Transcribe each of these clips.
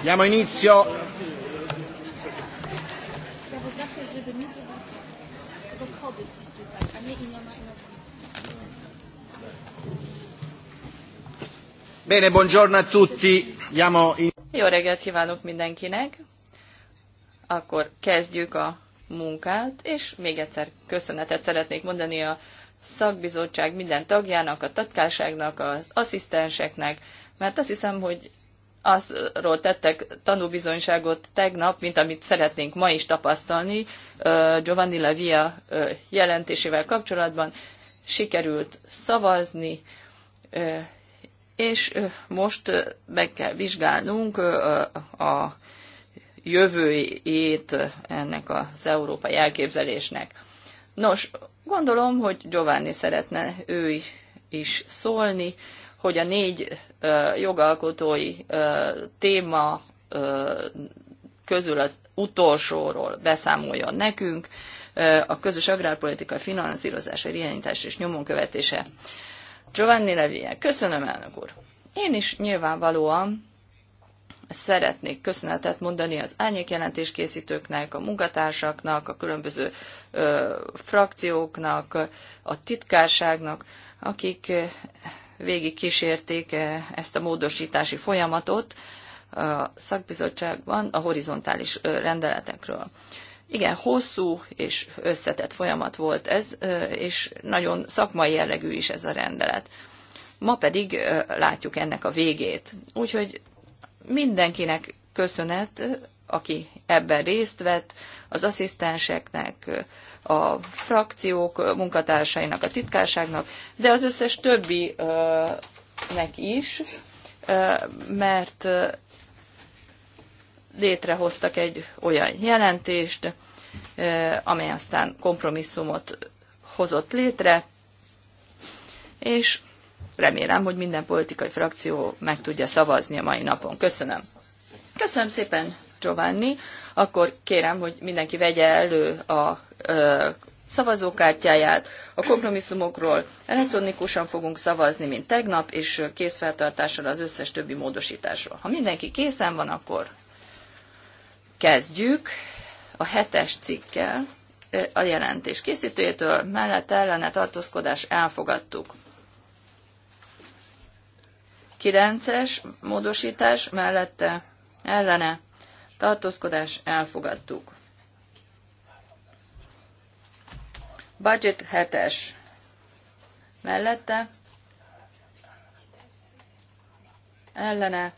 Diamo inizio. Bene, buongiorno a tutti. Diamo in... Jó reggelt kívánok mindenkinek. Akkor kezdjük a munkát, és még egyszer köszönetet szeretnék mondani a szakbizottság minden tagjának, a tatkárságnak, az asszisztenseknek, mert azt hiszem, hogy azról tettek tanúbizonyságot tegnap, mint amit szeretnénk ma is tapasztalni Giovanni La Via jelentésével kapcsolatban. Sikerült szavazni, és most meg kell vizsgálnunk a jövőjét ennek az európai elképzelésnek. Nos, gondolom, hogy Giovanni szeretne ő is szólni hogy a négy jogalkotói téma közül az utolsóról beszámoljon nekünk, a közös agrárpolitika finanszírozása, irányítás és nyomon követése. Giovanni Levie, köszönöm elnök úr. Én is nyilvánvalóan szeretnék köszönetet mondani az árnyékjelentés készítőknek, a munkatársaknak, a különböző ö, frakcióknak, a titkárságnak, akik végig kísérték eh, ezt a módosítási folyamatot a szakbizottságban a horizontális rendeletekről. Igen, hosszú és összetett folyamat volt ez, és nagyon szakmai jellegű is ez a rendelet. Ma pedig látjuk ennek a végét. Úgyhogy mindenkinek köszönet, aki ebben részt vett, az asszisztenseknek, a frakciók munkatársainak, a titkárságnak, de az összes többinek is, mert létrehoztak egy olyan jelentést, amely aztán kompromisszumot hozott létre, és remélem, hogy minden politikai frakció meg tudja szavazni a mai napon. Köszönöm. Köszönöm szépen, Giovanni, akkor kérem, hogy mindenki vegye elő a ö, szavazókártyáját. A kompromisszumokról elektronikusan fogunk szavazni, mint tegnap, és készfeltartással az összes többi módosításról. Ha mindenki készen van, akkor kezdjük a hetes cikkel a jelentés készítőjétől mellett ellene tartózkodás elfogadtuk. 9-es módosítás mellette ellene tartózkodás elfogadtuk. Budget 7-es mellette, ellene,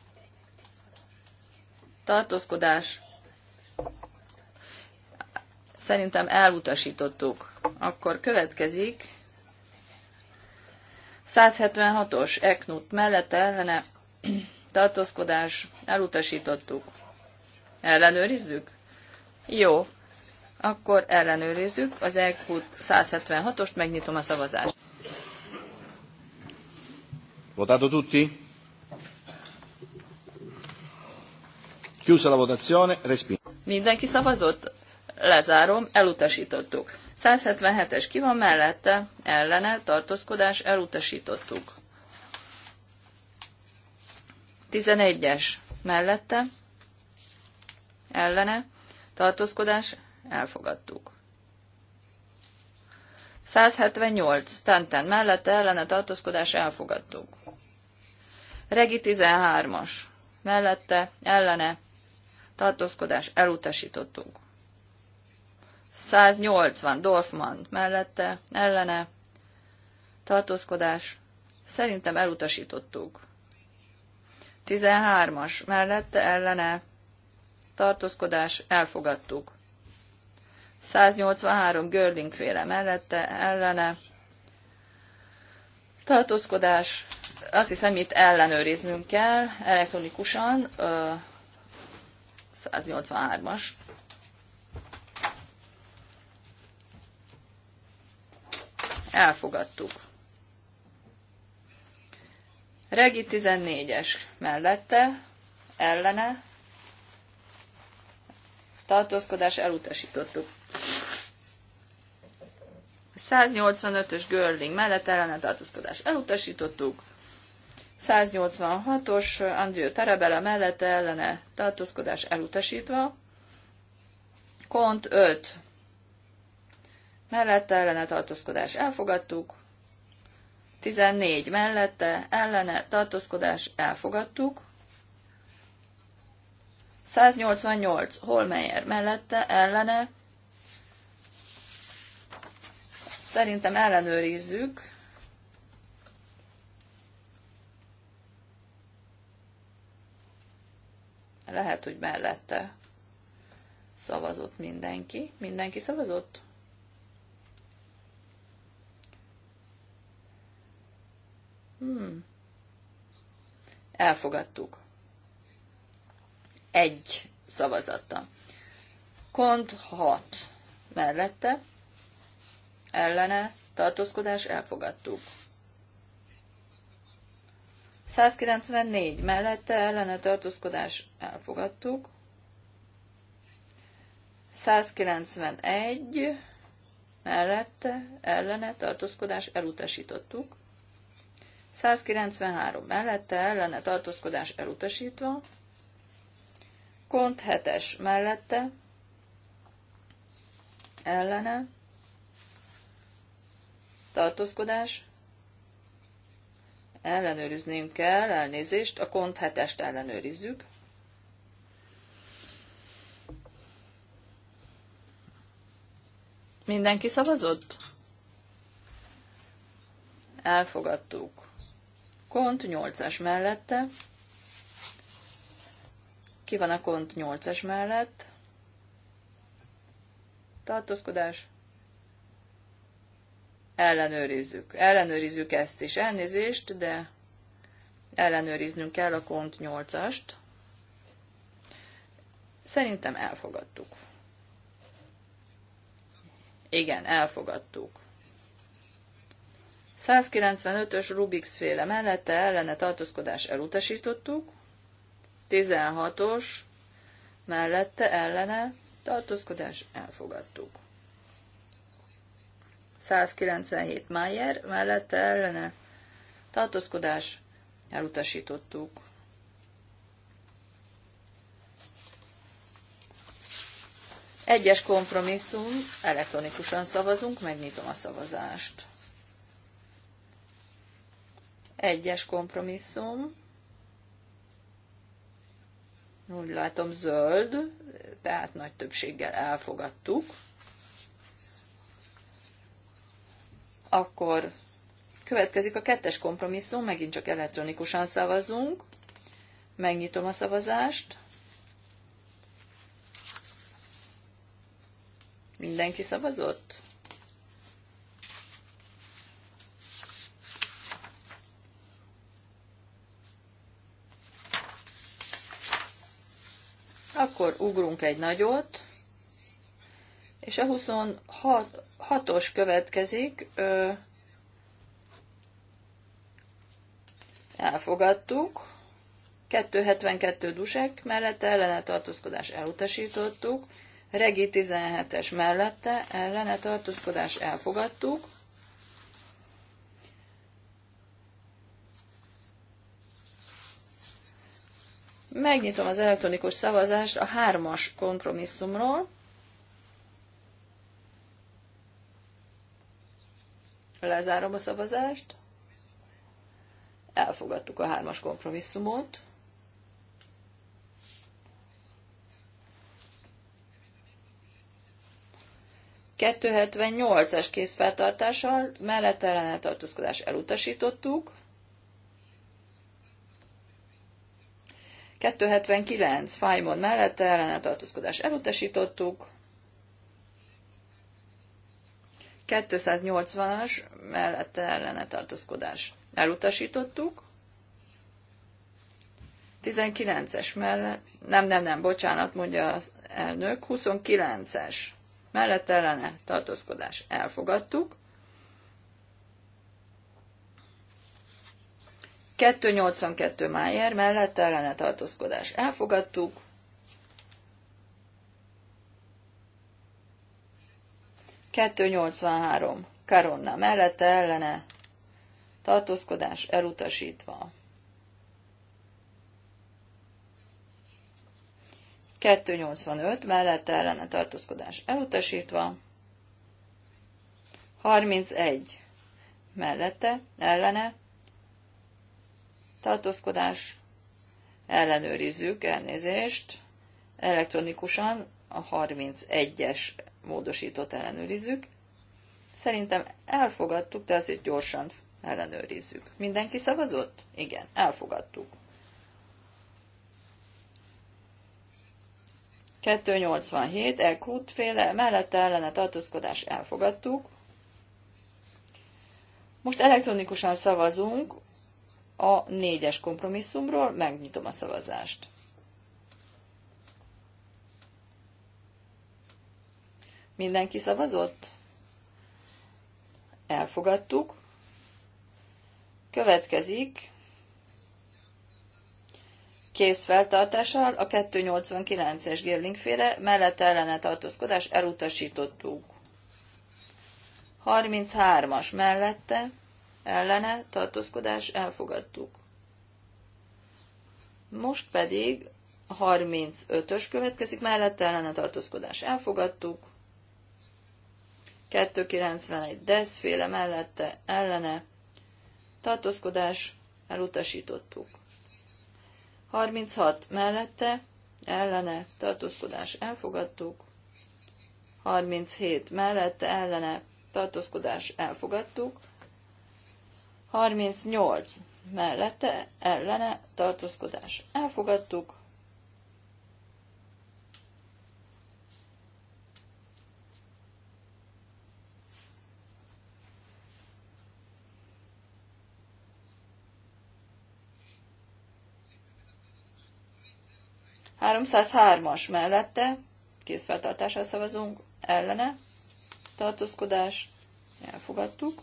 tartózkodás, szerintem elutasítottuk. Akkor következik 176-os eknut mellette ellene tartózkodás, elutasítottuk. Ellenőrizzük? Jó. Akkor ellenőrizzük az EQ 176-ost, megnyitom a szavazást. Votato tutti? Chiusa la votazione, Respiro. Mindenki szavazott? Lezárom, elutasítottuk. 177-es ki van mellette, ellene, tartózkodás, elutasítottuk. 11-es mellette, ellene, tartózkodás, elfogadtuk. 178. Tenten mellette ellene tartózkodás elfogadtuk. Regi 13-as. Mellette ellene tartózkodás elutasítottuk. 180. Dorfman mellette ellene tartózkodás szerintem elutasítottuk. 13-as mellette ellene tartózkodás, elfogadtuk. 183 Görling féle mellette, ellene, tartózkodás, azt hiszem itt ellenőriznünk kell elektronikusan, 183-as. Elfogadtuk. Regi 14-es mellette, ellene, tartózkodás elutasítottuk. 185-ös Görling mellett ellene tartózkodás elutasítottuk. 186-os Andrió Tarabella mellette ellene tartózkodás elutasítva. Kont 5 mellette ellene tartózkodás elfogadtuk. 14 mellette ellene tartózkodás elfogadtuk. 188 Holmeyer mellette, ellene. Szerintem ellenőrizzük. Lehet, hogy mellette szavazott mindenki. Mindenki szavazott? Hmm. Elfogadtuk egy szavazata. Kont 6 mellette, ellene, tartózkodás, elfogadtuk. 194 mellette, ellene, tartózkodás, elfogadtuk. 191 mellette, ellene, tartózkodás, elutasítottuk. 193 mellette, ellene, tartózkodás, elutasítva. Kont hetes mellette, ellene, tartózkodás, ellenőriznünk kell, elnézést, a kont hetest ellenőrizzük. Mindenki szavazott? Elfogadtuk. Kont 8-as mellette, ki van a kont 8-as mellett? Tartózkodás. Ellenőrizzük. Ellenőrizzük ezt is. Elnézést, de ellenőriznünk kell a kont 8-ast. Szerintem elfogadtuk. Igen, elfogadtuk. 195-ös Rubik féle mellette ellene tartózkodás elutasítottuk. 16-os mellette ellene tartózkodás elfogadtuk. 197 Mayer mellette ellene tartózkodás elutasítottuk. Egyes kompromisszum, elektronikusan szavazunk, megnyitom a szavazást. Egyes kompromisszum, úgy látom zöld, tehát nagy többséggel elfogadtuk. Akkor következik a kettes kompromisszum, megint csak elektronikusan szavazunk. Megnyitom a szavazást. Mindenki szavazott? Akkor ugrunk egy nagyot, és a 26-os következik. Ö, elfogadtuk. 272 dusek mellette ellene tartózkodás elutasítottuk. Regi 17-es mellette ellene tartózkodás elfogadtuk. Megnyitom az elektronikus szavazást a hármas kompromisszumról. Lezárom a szavazást. Elfogadtuk a hármas kompromisszumot. ...278-as készfeltartással mellett ellene tartózkodás elutasítottuk. 279 Fájmon mellette ellenetartózkodás elutasítottuk. 280-as mellette ellenetartózkodás elutasítottuk. 19-es mellett, nem, nem, nem, bocsánat, mondja az elnök, 29-es mellett ellene tartózkodás elfogadtuk. 282 májér mellette ellene tartózkodás elfogadtuk. 283 Karonna mellette ellene tartózkodás elutasítva. 285 mellette ellene tartózkodás elutasítva. 31 mellette ellene tartózkodás, ellenőrizzük, elnézést, elektronikusan a 31-es módosítót ellenőrizzük. Szerintem elfogadtuk, de azért gyorsan ellenőrizzük. Mindenki szavazott? Igen, elfogadtuk. 287, elkút féle, mellette ellene tartózkodás elfogadtuk. Most elektronikusan szavazunk a négyes kompromisszumról, megnyitom a szavazást. Mindenki szavazott? Elfogadtuk. Következik kész feltartással a 289-es Gérlingféle mellett ellene tartózkodás elutasítottuk. 33-as mellette ellene tartózkodás elfogadtuk. Most pedig 35-ös következik, mellette ellene tartózkodás elfogadtuk. 291 deszféle mellette ellene tartózkodás elutasítottuk. 36 mellette ellene tartózkodás elfogadtuk. 37 mellette ellene tartózkodás elfogadtuk. 38 mellette ellene tartózkodás. Elfogadtuk. as mellette készfeltartásra szavazunk, ellene tartózkodás, elfogadtuk.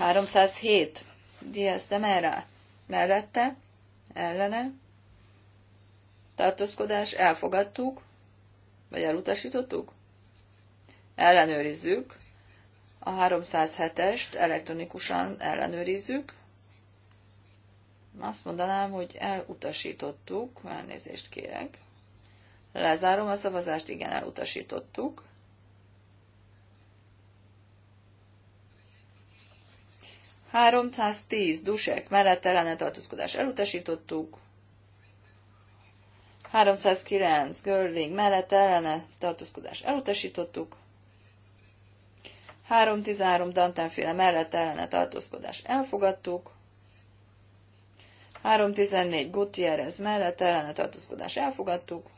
307. Diaz de Mera. Mellette. Ellene. Tartózkodás. Elfogadtuk. Vagy elutasítottuk? Ellenőrizzük. A 307-est elektronikusan ellenőrizzük. Azt mondanám, hogy elutasítottuk. Elnézést kérek. Lezárom a szavazást. Igen, elutasítottuk. 310 dusek mellett ellene tartózkodás elutasítottuk. 309 Görling mellett ellene tartózkodás elutasítottuk. 313 Dantánféle mellett ellene tartózkodás elfogadtuk. 314 Gutierrez mellett ellene tartózkodás elfogadtuk.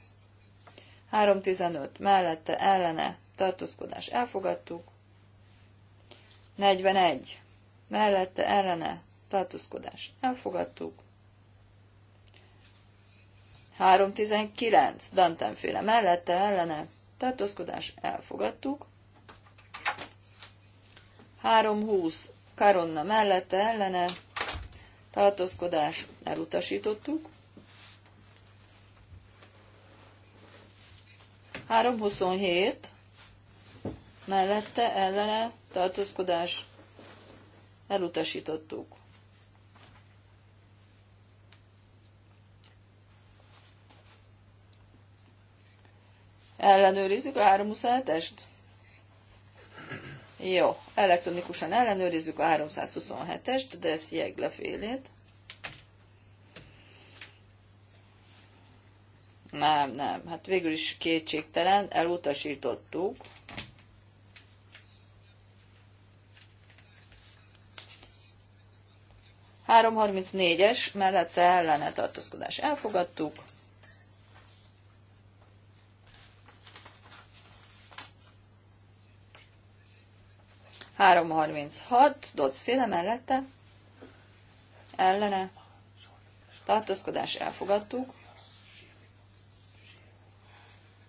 315 mellette ellene tartózkodás elfogadtuk. 41 mellette ellene tartózkodás elfogadtuk. 319 Dantenféle mellette ellene tartózkodás elfogadtuk. 320 Karonna mellette ellene tartózkodás elutasítottuk. 327 mellette ellene tartózkodás elutasítottuk. Ellenőrizzük a 327-est? Jó, elektronikusan ellenőrizzük a 327-est, de ez jegle félét. Nem, nem, hát végül is kétségtelen, elutasítottuk. 334-es mellette ellene tartózkodás elfogadtuk. Három harminchat, féle mellette, ellene, tartózkodás elfogadtuk.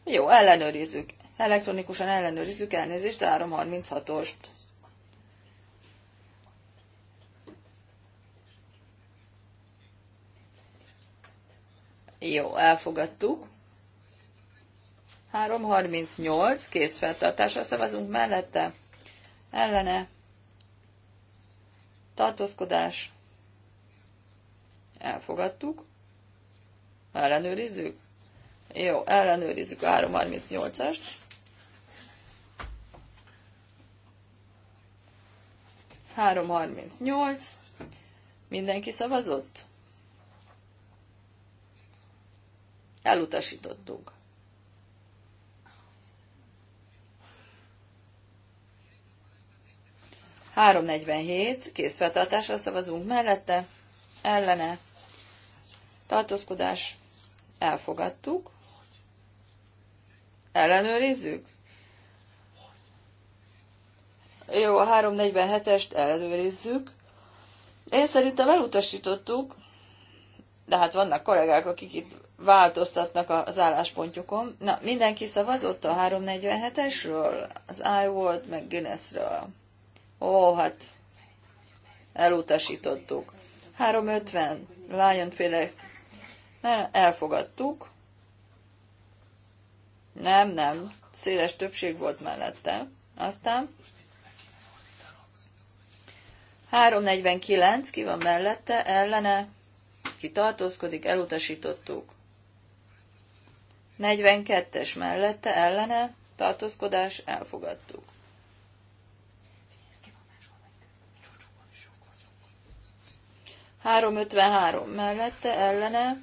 Jó, ellenőrizzük. Elektronikusan ellenőrizzük elnézést, 336 hatost. Jó, elfogadtuk. 338, feltartásra szavazunk mellette. Ellene. Tartózkodás. Elfogadtuk. Ellenőrizzük. Jó, ellenőrizzük a 338-ast. Három harminc nyolc. Mindenki szavazott? Elutasítottunk. hét készfeltartásra szavazunk mellette, ellene, tartózkodás, elfogadtuk, ellenőrizzük. Jó, a 347-est ellenőrizzük. Én szerintem elutasítottuk, de hát vannak kollégák, akik itt változtatnak az álláspontjukon. Na, mindenki szavazott a 347-esről, az volt, meg Guinnessről. Ó, hát elutasítottuk. 350, lányon féle, mert elfogadtuk. Nem, nem, széles többség volt mellette. Aztán 349, ki van mellette, ellene, ki tartózkodik, elutasítottuk. 42-es mellette ellene tartózkodás elfogadtuk. Három ötvenhárom mellette ellene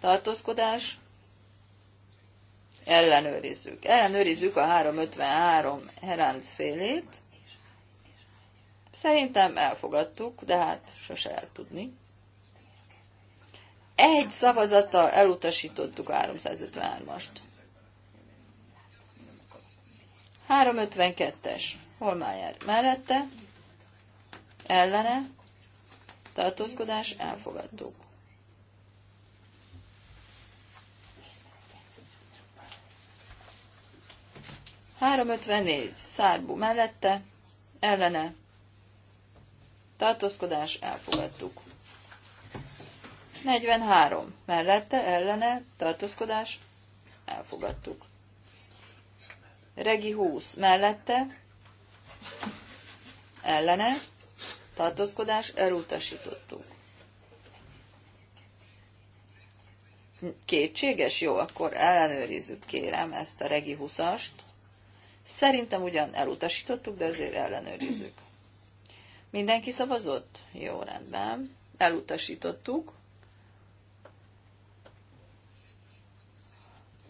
tartózkodás ellenőrizzük. Ellenőrizzük a 353 Heránc félét. Szerintem elfogadtuk, de hát sose el tudni egy szavazata elutasítottuk 353-ast. 352-es Holmájár mellette, ellene, tartózkodás, elfogadtuk. Három ötvennégy, szárbú mellette, ellene, tartózkodás, elfogadtuk. 43. Mellette, ellene, tartózkodás, elfogadtuk. Regi 20. Mellette, ellene, tartózkodás, elutasítottuk. Kétséges? Jó, akkor ellenőrizzük, kérem, ezt a Regi 20-ast. Szerintem ugyan elutasítottuk, de azért ellenőrizzük. Mindenki szavazott? Jó, rendben. Elutasítottuk.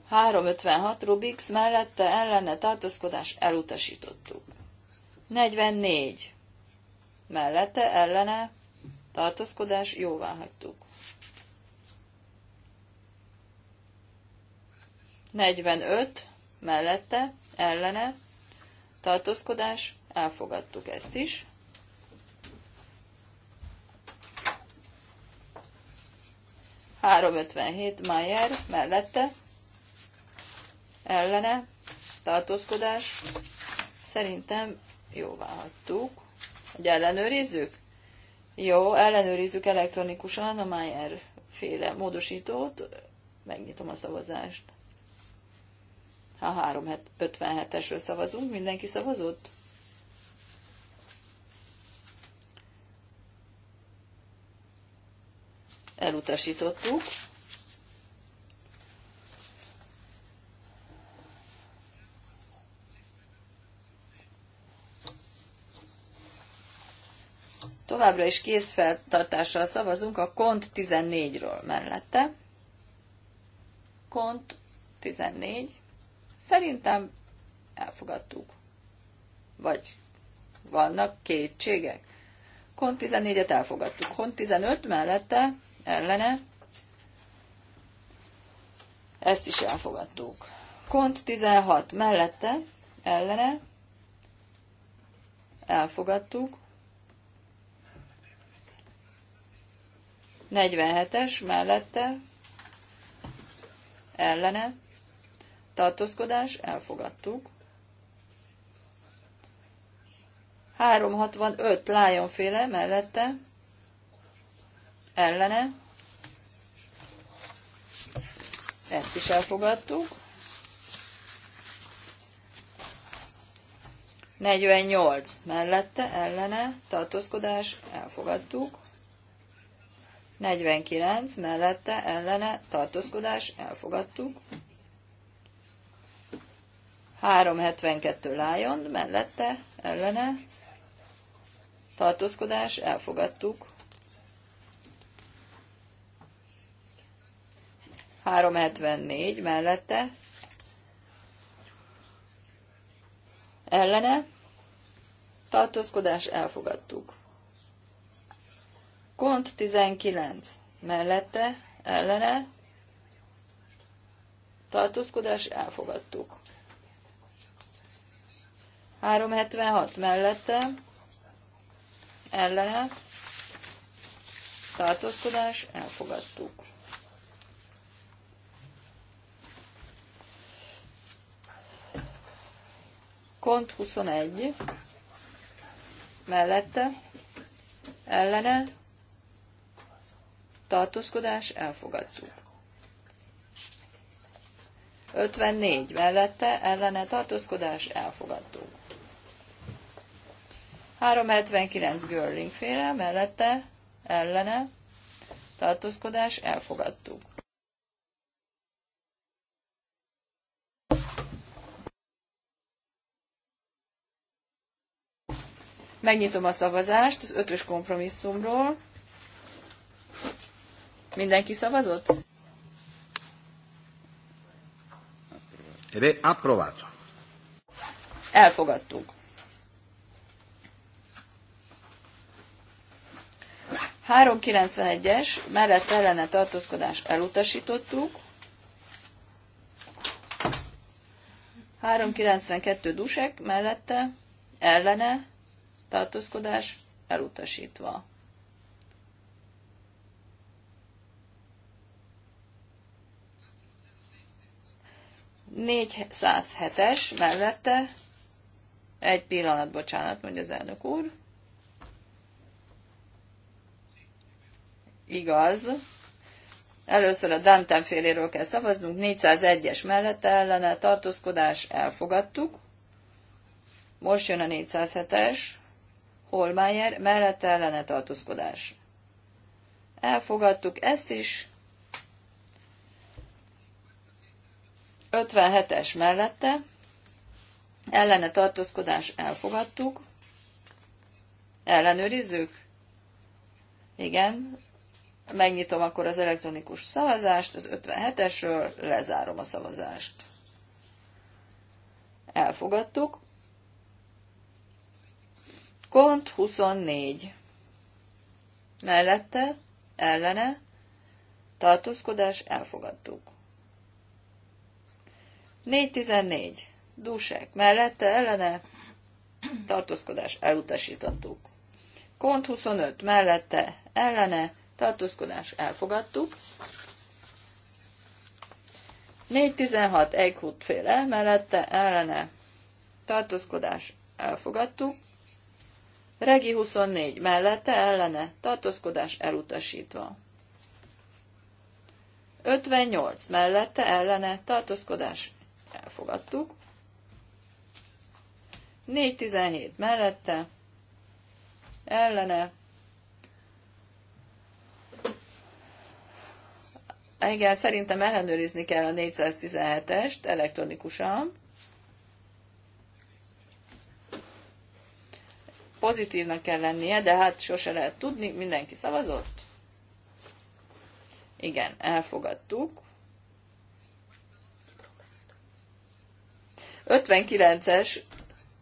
356 Rubix mellette ellene tartózkodás elutasítottuk. 44 mellette ellene tartózkodás jóvá hagytuk. 45 mellette ellene tartózkodás elfogadtuk ezt is. 357 Mayer mellette ellene, tartózkodás, szerintem jóvá hagytuk. Hogy ellenőrizzük? Jó, ellenőrizzük elektronikusan a Mayer féle módosítót, megnyitom a szavazást. Ha 357-esről szavazunk, mindenki szavazott? Elutasítottuk. Továbbra is készfeltartással szavazunk a kont 14-ről mellette. Kont 14. Szerintem elfogadtuk. Vagy vannak kétségek? Kont 14-et elfogadtuk. Kont 15 mellette, ellene, ezt is elfogadtuk. Kont 16 mellette, ellene, elfogadtuk. 47-es mellette ellene tartózkodás elfogadtuk. 365 lájonféle mellette ellene ezt is elfogadtuk. 48 mellette, ellene, tartózkodás, elfogadtuk. 49 mellette ellene tartózkodás elfogadtuk. 372 Lion mellette ellene tartózkodás elfogadtuk. 374 mellette ellene tartózkodás elfogadtuk. Kont 19 mellette, ellene, tartózkodás, elfogadtuk. 376 mellette, ellene, tartózkodás, elfogadtuk. Kont 21, mellette, ellene, tartózkodás, elfogadtuk. 54 mellette, ellene tartózkodás, elfogadtuk. 379 Görling féle, mellette, ellene, tartózkodás, elfogadtuk. Megnyitom a szavazást az ötös kompromisszumról. Mindenki szavazott? Ed Elfogadtuk. Három es mellett ellene tartózkodás elutasítottuk. 392 dusek mellette ellene tartózkodás elutasítva. 407-es mellette, egy pillanat, bocsánat, mondja az elnök úr. Igaz. Először a Danten féléről kell szavaznunk, 401-es mellette ellene tartózkodás elfogadtuk. Most jön a 407-es, Holmeyer mellette ellene tartózkodás. Elfogadtuk ezt is, 57-es mellette, ellene tartózkodás elfogadtuk, ellenőrizzük, igen, megnyitom akkor az elektronikus szavazást, az 57-esről lezárom a szavazást. Elfogadtuk. Kont 24. Mellette, ellene, tartózkodás, elfogadtuk. 4.14. Dúsek mellette ellene tartózkodás elutasítottuk. Kont 25 mellette ellene tartózkodás elfogadtuk. 4.16 Eichhut féle mellette ellene tartózkodás elfogadtuk. Regi 24 mellette ellene tartózkodás elutasítva. 58 mellette ellene tartózkodás elfogadtuk. 4-17 mellette, ellene, igen, szerintem ellenőrizni kell a 417-est elektronikusan. Pozitívnak kell lennie, de hát sose lehet tudni, mindenki szavazott. Igen, elfogadtuk. 59-es,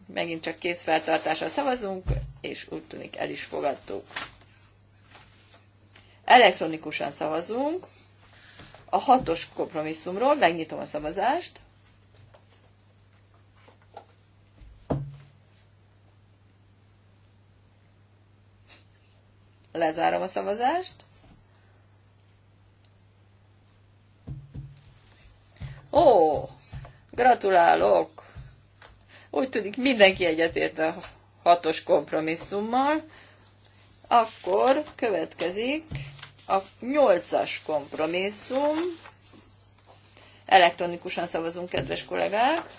megint csak készfeltartásra szavazunk, és úgy tűnik el is fogadtuk. Elektronikusan szavazunk. A hatos kompromisszumról megnyitom a szavazást. Lezárom a szavazást. Ó, Gratulálok! Úgy tűnik, mindenki egyetért a hatos kompromisszummal. Akkor következik a nyolcas kompromisszum. Elektronikusan szavazunk, kedves kollégák.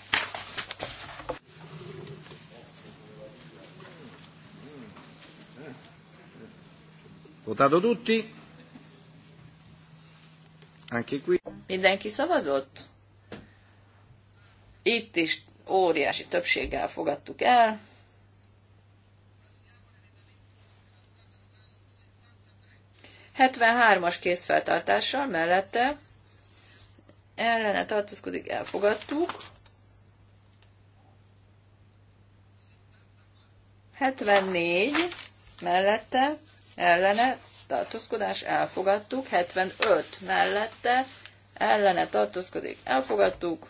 Votado tutti? Anche qui. Mindenki szavazott? Itt is óriási többséggel fogadtuk el. as készfeltartással mellette ellene tartózkodik, elfogadtuk. 74 mellette ellene tartózkodás elfogadtuk, 75 mellette ellene tartózkodik, elfogadtuk,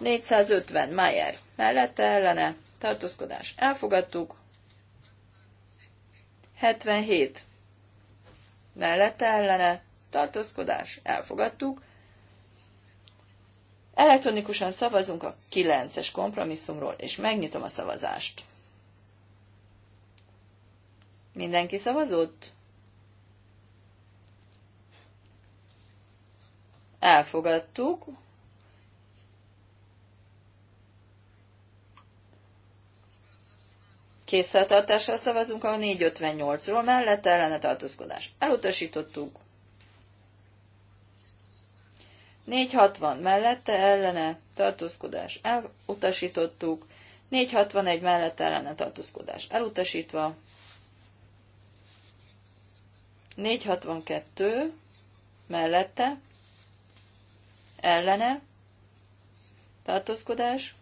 450 Mayer mellette ellene tartózkodás elfogadtuk. 77 mellette ellene tartózkodás elfogadtuk. Elektronikusan szavazunk a 9-es kompromisszumról, és megnyitom a szavazást. Mindenki szavazott? Elfogadtuk, Készfeltartással szavazunk a 458-ról, mellette ellene tartózkodás. Elutasítottuk. 460 mellette ellene tartózkodás. Elutasítottuk. 461 mellette ellene tartózkodás. Elutasítva. 462 mellette ellene tartózkodás.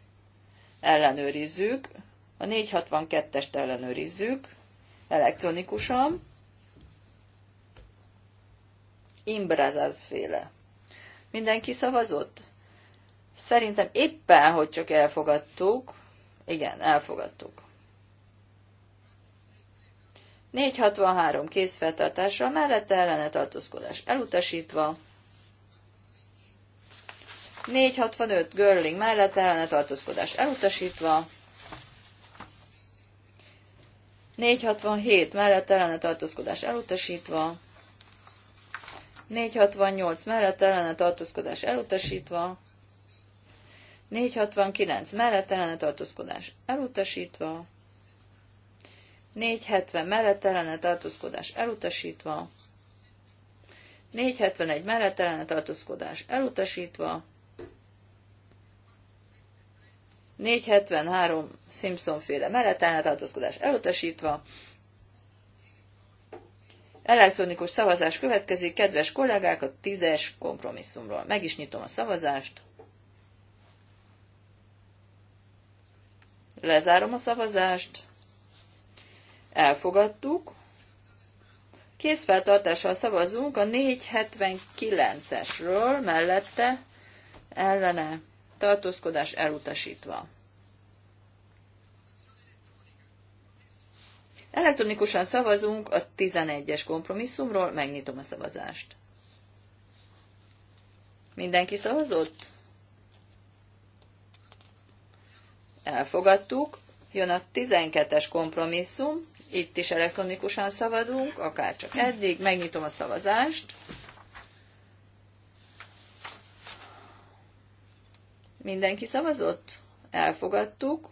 Ellenőrizzük. A 462-est ellenőrizzük elektronikusan. Imbrazaz féle. Mindenki szavazott? Szerintem éppen, hogy csak elfogadtuk. Igen, elfogadtuk. 463 készfeltartással mellette ellene tartózkodás elutasítva. 465 Görling mellett ellene tartózkodás elutasítva. 467 mellett ellene tartózkodás elutasítva, 468 mellett ellene tartózkodás elutasítva, 469 mellett ellene tartózkodás elutasítva, 470 mellett ellene tartózkodás elutasítva, 471 mellett ellene tartózkodás elutasítva, 473 Simpson féle mellett tartózkodás elutasítva. Elektronikus szavazás következik, kedves kollégák, a tízes kompromisszumról. Meg is nyitom a szavazást. Lezárom a szavazást. Elfogadtuk. Készfeltartással szavazunk a 479-esről mellette ellene tartózkodás elutasítva. Elektronikusan szavazunk a 11-es kompromisszumról, megnyitom a szavazást. Mindenki szavazott? Elfogadtuk. Jön a 12-es kompromisszum, itt is elektronikusan szavazunk, akár csak eddig, megnyitom a szavazást. Mindenki szavazott? Elfogadtuk.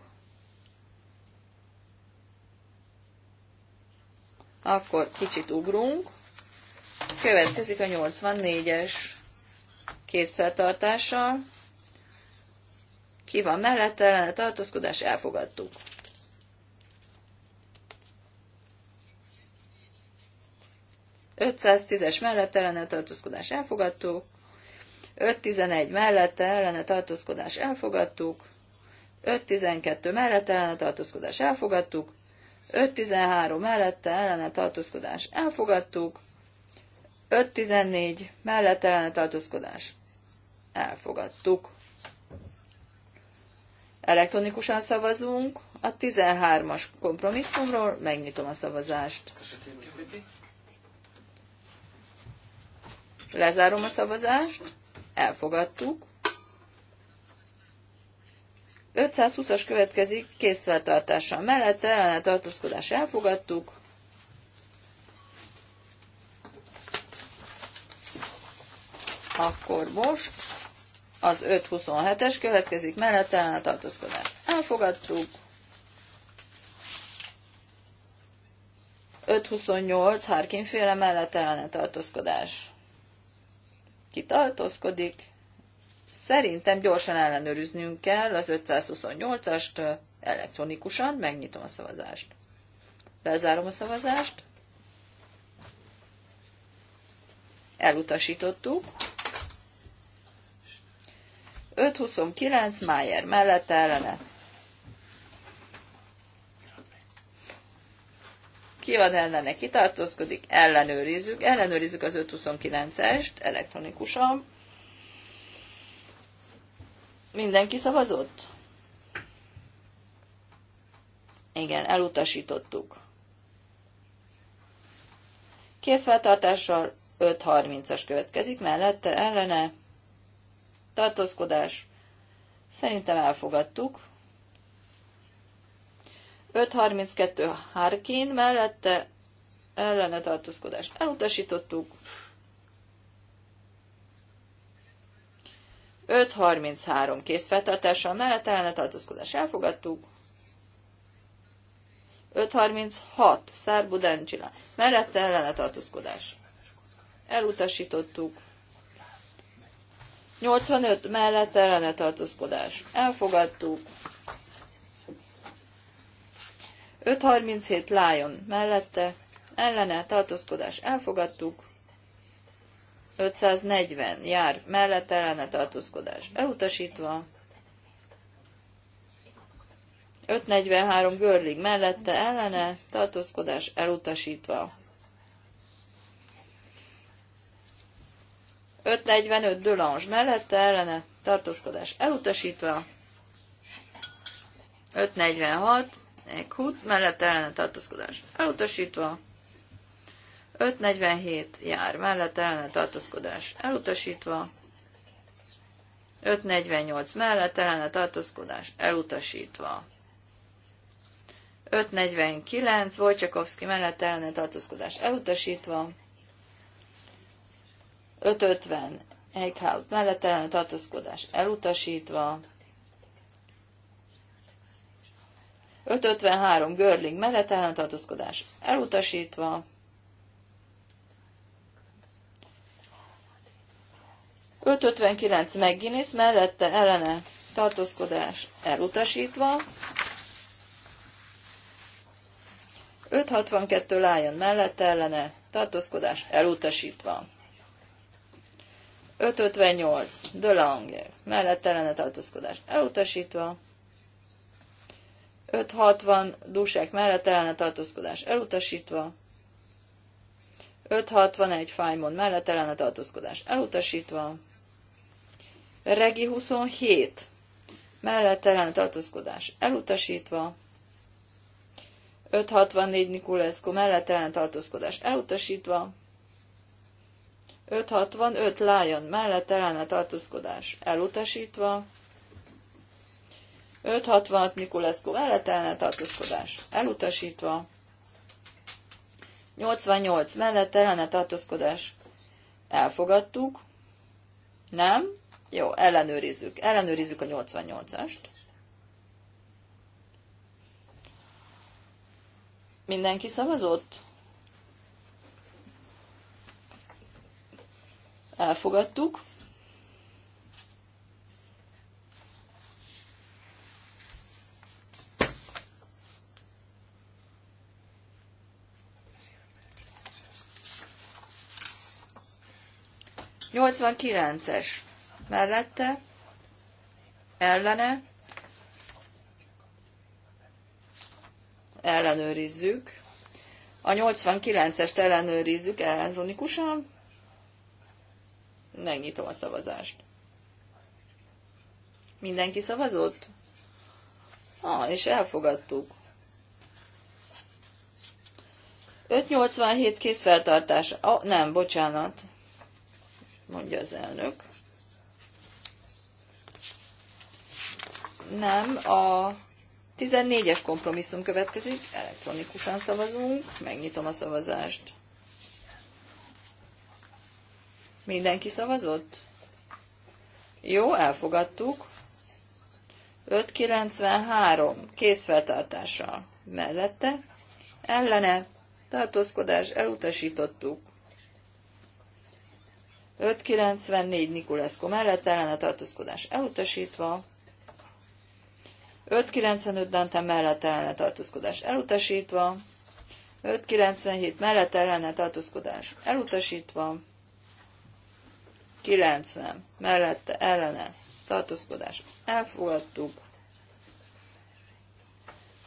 Akkor kicsit ugrunk. Következik a 84-es készfeltartása. Ki van mellette, ellene tartózkodás, elfogadtuk. 510-es mellett ellene tartózkodás elfogadtuk, 5.11 mellette ellene tartózkodás elfogadtuk, 5.12 mellette ellene tartózkodás elfogadtuk, 5.13 mellette ellene tartózkodás elfogadtuk, 5.14 mellette ellene tartózkodás elfogadtuk. Elektronikusan szavazunk a 13-as kompromisszumról, megnyitom a szavazást. Lezárom a szavazást elfogadtuk. 520-as következik készfeltartással mellett ellene tartózkodás elfogadtuk. Akkor most az 527-es következik mellett ellene tartózkodás elfogadtuk. 528 Harkin féle mellett ellene tartózkodás ki tartózkodik. Szerintem gyorsan ellenőriznünk kell az 528-ast elektronikusan, megnyitom a szavazást. Lezárom a szavazást. Elutasítottuk. 529 Májer mellette ellene ki van ellene, ki tartózkodik, ellenőrizzük, ellenőrizzük az 529-est elektronikusan. Mindenki szavazott? Igen, elutasítottuk. Készfeltartással 5.30-as következik, mellette ellene tartózkodás. Szerintem elfogadtuk. 532 Harkin mellette ellene tartózkodást elutasítottuk. 533 készfeltartással mellett ellene tartózkodást elfogadtuk. 536 Szárbudáncsila mellette ellene tartózkodást elutasítottuk. 85 mellett ellene tartózkodást elfogadtuk. 537 Lion mellette, ellene tartózkodás elfogadtuk, 540 jár mellett ellene tartózkodás elutasítva, 543 Görlig mellette ellene tartózkodás elutasítva. 545 Delange mellette ellene tartózkodás elutasítva. 546 Ekhut, mellett ellene tartózkodás elutasítva. 547 jár, mellett ellene tartózkodás elutasítva. 548 mellett ellene tartózkodás elutasítva. 549 Wojciechowski mellett ellene tartózkodás elutasítva. 550 Eichhout mellett ellene tartózkodás elutasítva. 553 Görling mellett ellentartózkodás elutasítva. 559 megginész mellette ellene tartózkodás elutasítva. 562 lájon mellette ellene tartózkodás elutasítva. 558 Delanger mellette ellene tartózkodás elutasítva. 560 dúsek mellett ellene tartózkodás elutasítva. 561 fájmon mellett ellene tartózkodás elutasítva. Regi 27 mellett ellene tartózkodás elutasítva. 564 Nikulescu mellett ellene tartózkodás elutasítva, 565 Lion mellett ellene tartózkodás elutasítva, 566 Nikulescu mellett ellene tartózkodás elutasítva. 88 mellett ellene tartózkodás elfogadtuk. Nem? Jó, ellenőrizzük. Ellenőrizzük a 88-ast. Mindenki szavazott? Elfogadtuk. 89-es mellette, ellene, ellenőrizzük. A 89-est ellenőrizzük elektronikusan. Megnyitom a szavazást. Mindenki szavazott? Ah, és elfogadtuk. 587 készfeltartás. Ah, nem, bocsánat mondja az elnök. Nem, a 14-es kompromisszum következik, elektronikusan szavazunk, megnyitom a szavazást. Mindenki szavazott? Jó, elfogadtuk. 593, készfeltartással. Mellette, ellene, tartózkodás, elutasítottuk. 594 Nikulescu mellett ellene tartózkodás elutasítva. 595 Dante mellett ellene tartózkodás elutasítva. 597 mellett ellene tartózkodás elutasítva. 90 mellette ellene tartózkodás elfogadtuk.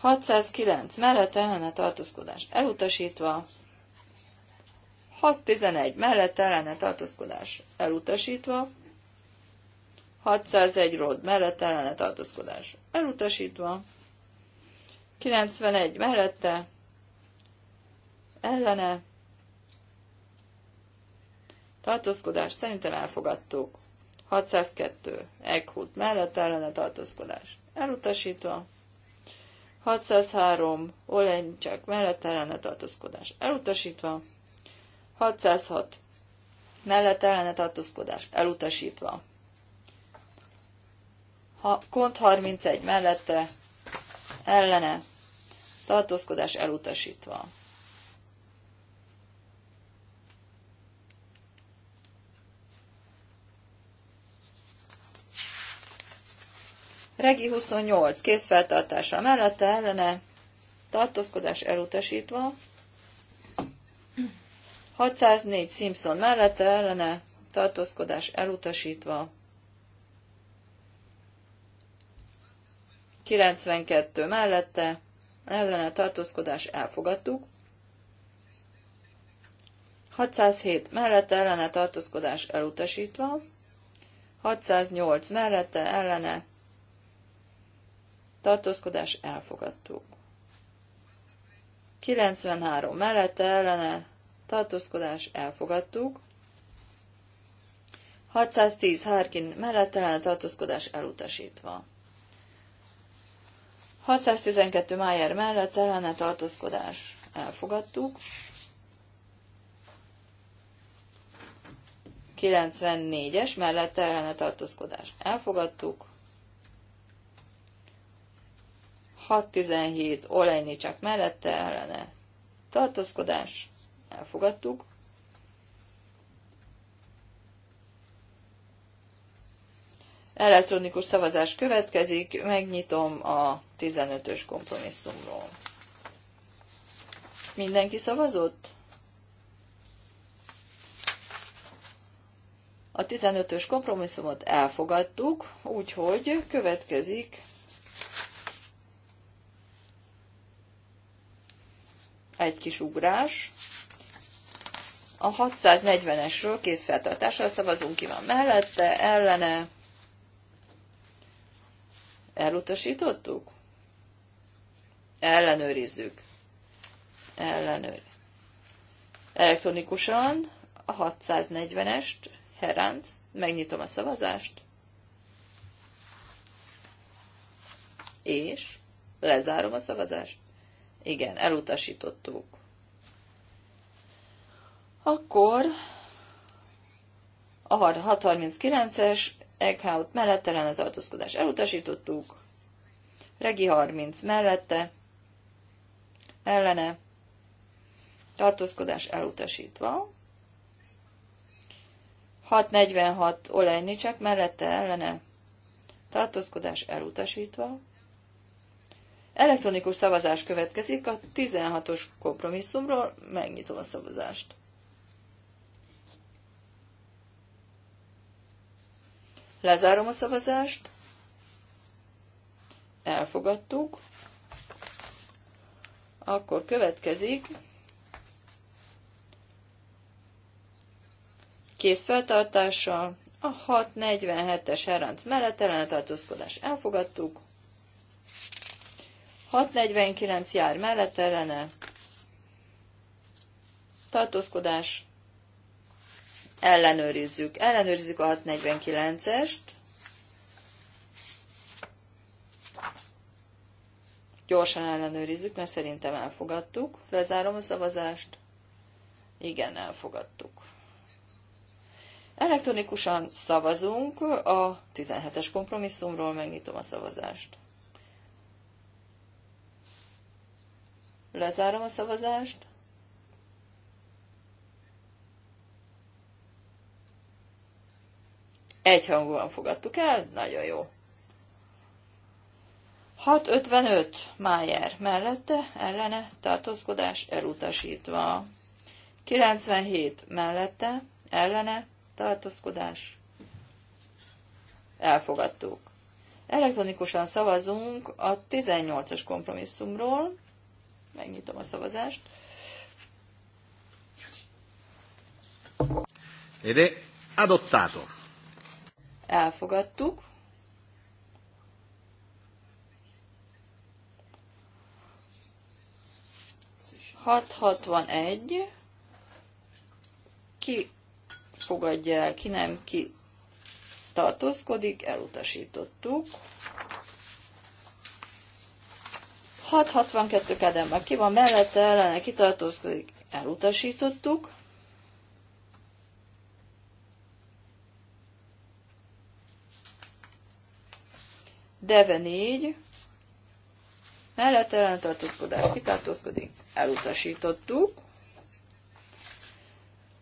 609 mellett ellene tartózkodás elutasítva. 611 mellett ellene tartózkodás elutasítva, 601 rod mellett ellene tartózkodás elutasítva, 91 mellette ellene tartózkodás szerintem elfogadtuk, 602 Eghut mellett ellene tartózkodás elutasítva, 603 Olencsek mellett ellene tartózkodás elutasítva, 606. Mellett ellene tartózkodás elutasítva. Ha, kont 31 mellette ellene tartózkodás elutasítva. Regi 28 készfeltartása mellette ellene tartózkodás elutasítva. 604 Simpson mellette ellene tartózkodás elutasítva. 92 mellette ellene tartózkodás elfogadtuk. 607 mellette ellene tartózkodás elutasítva. 608 mellette ellene tartózkodás elfogadtuk. 93 mellette ellene tartózkodás elfogadtuk. 610 Harkin mellett a tartózkodás elutasítva. 612 Mayer mellett a tartózkodás elfogadtuk. 94-es mellett ellene tartózkodás elfogadtuk. 617 Olejnicsak mellette ellene tartózkodás elfogadtuk. Elektronikus szavazás következik, megnyitom a 15-ös kompromisszumról. Mindenki szavazott? A 15-ös kompromisszumot elfogadtuk, úgyhogy következik egy kis ugrás. A 640-esről készfeltartással szavazunk, ki van mellette, ellene. Elutasítottuk? Ellenőrizzük. Ellenőr. Elektronikusan a 640-est, Heránc, megnyitom a szavazást. És lezárom a szavazást. Igen, elutasítottuk. Akkor a 639-es Eckhout mellette lenne tartózkodás elutasítottuk. Regi 30 mellette ellene tartózkodás elutasítva. 646 olejnicsek mellette ellene tartózkodás elutasítva. Elektronikus szavazás következik a 16-os kompromisszumról, megnyitom a szavazást. Lezárom a szavazást. Elfogadtuk. Akkor következik feltartása. a 647-es Herenc mellett ellenetartózkodás elfogadtuk. 649 jár mellett ellene tartózkodás ellenőrizzük. Ellenőrizzük a 649-est. Gyorsan ellenőrizzük, mert szerintem elfogadtuk. Lezárom a szavazást. Igen, elfogadtuk. Elektronikusan szavazunk a 17-es kompromisszumról, megnyitom a szavazást. Lezárom a szavazást. Egyhangúan fogadtuk el? Nagyon jó. 655 Májer mellette, ellene, tartózkodás elutasítva. 97 mellette, ellene, tartózkodás elfogadtuk. Elektronikusan szavazunk a 18-as kompromisszumról. Megnyitom a szavazást. Ede, adottátok elfogadtuk. Hat egy. Ki fogadja el, ki nem, ki tartózkodik, elutasítottuk. 662 kedemben ki van mellette, ellene kitartózkodik, elutasítottuk. Deve 4, mellette tartózkodás kitartózkodik, elutasítottuk.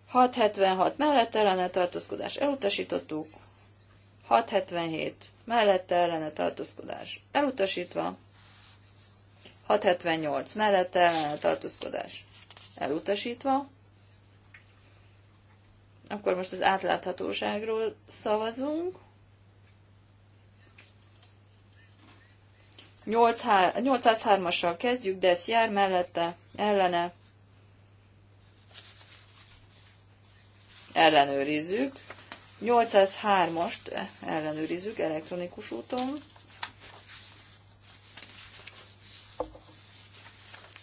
676 mellette ellene tartózkodás elutasítottuk, 677 mellette ellene tartózkodás elutasítva, 678 mellette ellene tartózkodás elutasítva. Akkor most az átláthatóságról szavazunk. 803-assal kezdjük, de ez jár mellette, ellene. Ellenőrizzük. 803-ast ellenőrizzük elektronikus úton.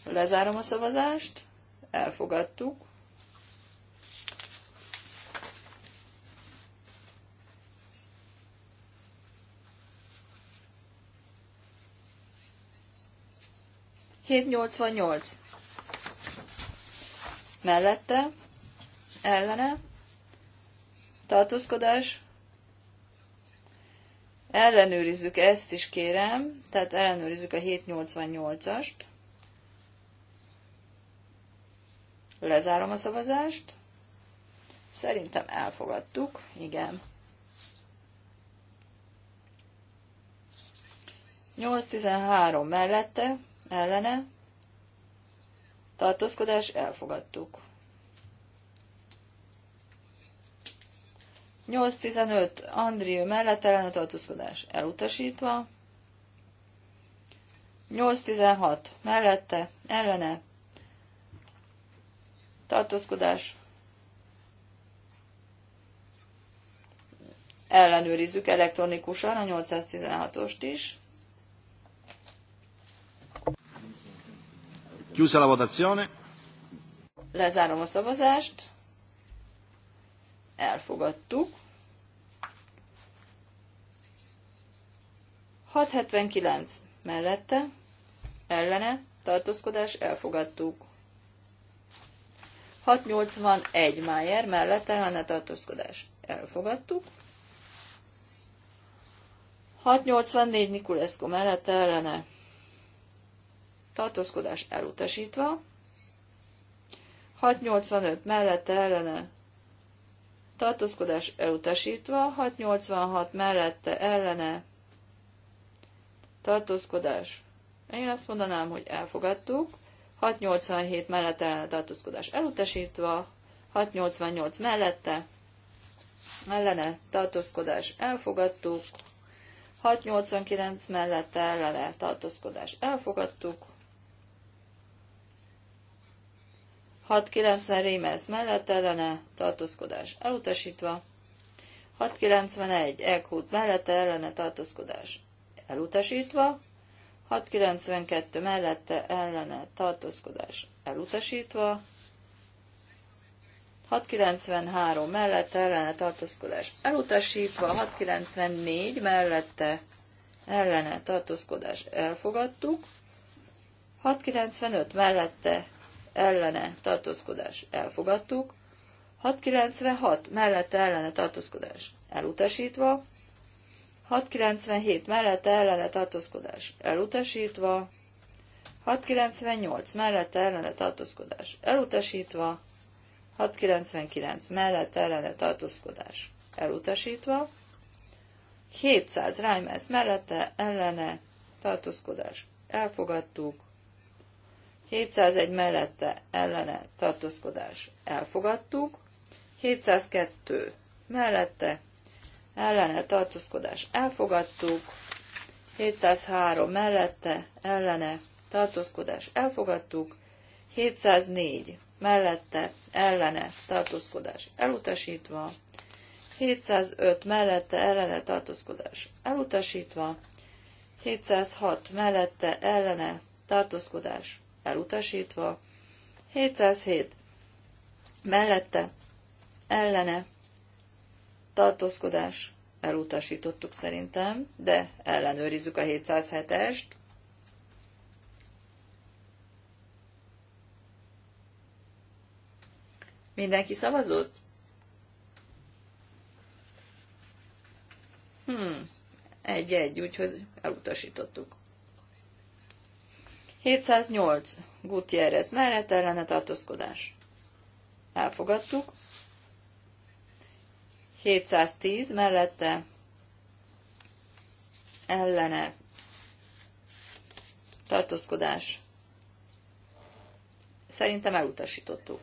Lezárom a szavazást. Elfogadtuk. 788 mellette, ellene, tartózkodás, ellenőrizzük ezt is kérem, tehát ellenőrizzük a 788-ast, lezárom a szavazást, szerintem elfogadtuk, igen. 813 mellette, ellene, tartózkodás elfogadtuk. 8,15 15 Andrió mellett ellene tartózkodás elutasítva. 8,16 mellette ellene tartózkodás ellenőrizzük elektronikusan a 816-ost is. Chiusa la votazione. Lezárom a szavazást. Elfogadtuk. 679 mellette, ellene, tartózkodás, elfogadtuk. 681 Mayer mellette, ellene, tartózkodás, elfogadtuk. 684 Nikulescu mellette, ellene, tartózkodás elutasítva, 685 mellette ellene tartózkodás elutasítva, 686 mellette ellene tartózkodás. Én azt mondanám, hogy elfogadtuk. 687 mellette ellene tartózkodás elutasítva, 688 mellette ellene tartózkodás elfogadtuk, 689 mellette ellene tartózkodás elfogadtuk, 690 Rémez mellett ellene tartózkodás elutasítva. 691 Ekhút mellette ellene tartózkodás elutasítva. 692 mellette ellene tartózkodás elutasítva. 693 mellette ellene tartózkodás elutasítva, 694 mellette ellene tartózkodás elfogadtuk, 695 mellette ellene tartózkodás elfogadtuk, 696 mellette ellene tartózkodás elutasítva, 697 mellette ellene tartózkodás elutasítva, 698 mellette ellene tartózkodás elutasítva, 699 mellette ellene tartózkodás elutasítva, 700 Reimers mellette ellene tartózkodás elfogadtuk, 701 mellette ellene tartózkodás elfogadtuk, 702 mellette ellene tartózkodás elfogadtuk, 703 mellette ellene tartózkodás elfogadtuk, 704 mellette ellene tartózkodás elutasítva, 705 mellette ellene tartózkodás elutasítva, 706 mellette ellene tartózkodás elutasítva, 707 mellette, ellene, tartózkodás, elutasítottuk szerintem, de ellenőrizzük a 707-est. Mindenki szavazott? Hmm, egy-egy, úgyhogy elutasítottuk. 708 Gutierrez mellett ellene tartózkodás. Elfogadtuk. 710 mellette ellene tartózkodás. Szerintem elutasítottuk.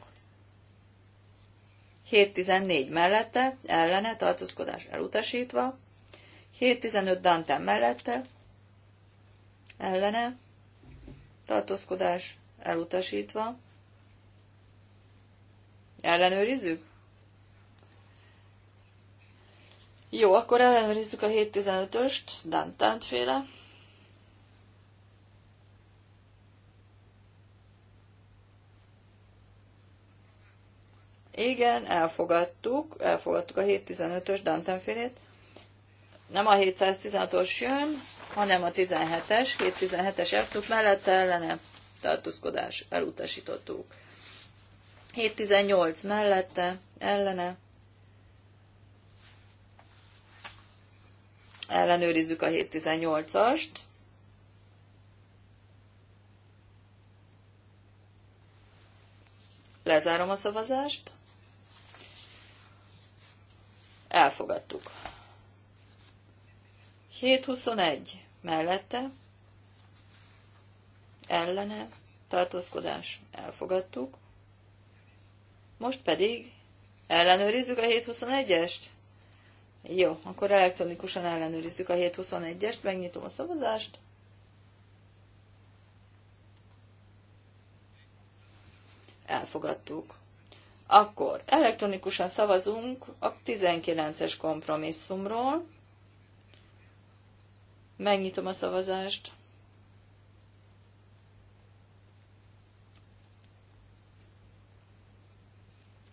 714 mellette ellene tartózkodás elutasítva. 715 Dante mellette ellene tartózkodás elutasítva. Ellenőrizzük? Jó, akkor ellenőrizzük a 715-öst, Dantánt féle. Igen, elfogadtuk, elfogadtuk a 715-ös Dantenfélét nem a 716-os jön, hanem a 17-es, 217-es jártuk mellette ellene tartózkodás elutasítottuk. 718 mellette ellene ellenőrizzük a 718-ast. Lezárom a szavazást. Elfogadtuk. 721 mellette, ellene, tartózkodás, elfogadtuk. Most pedig ellenőrizzük a 721-est? Jó, akkor elektronikusan ellenőrizzük a 721-est, megnyitom a szavazást. Elfogadtuk. Akkor elektronikusan szavazunk a 19-es kompromisszumról. Megnyitom a szavazást.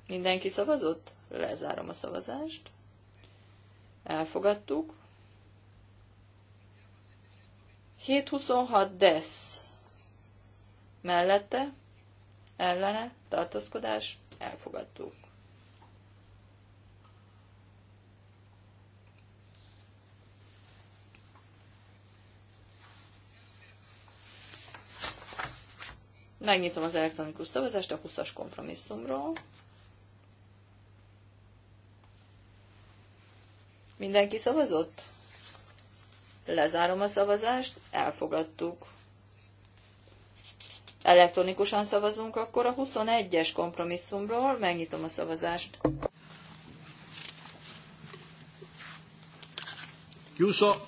Mindenki szavazott? Lezárom a szavazást. Elfogadtuk. 726 desz. Mellette, ellene, tartózkodás, elfogadtuk. Megnyitom az elektronikus szavazást a 20-as kompromisszumról. Mindenki szavazott? Lezárom a szavazást, elfogadtuk. Elektronikusan szavazunk akkor a 21-es kompromisszumról, megnyitom a szavazást. Jusza.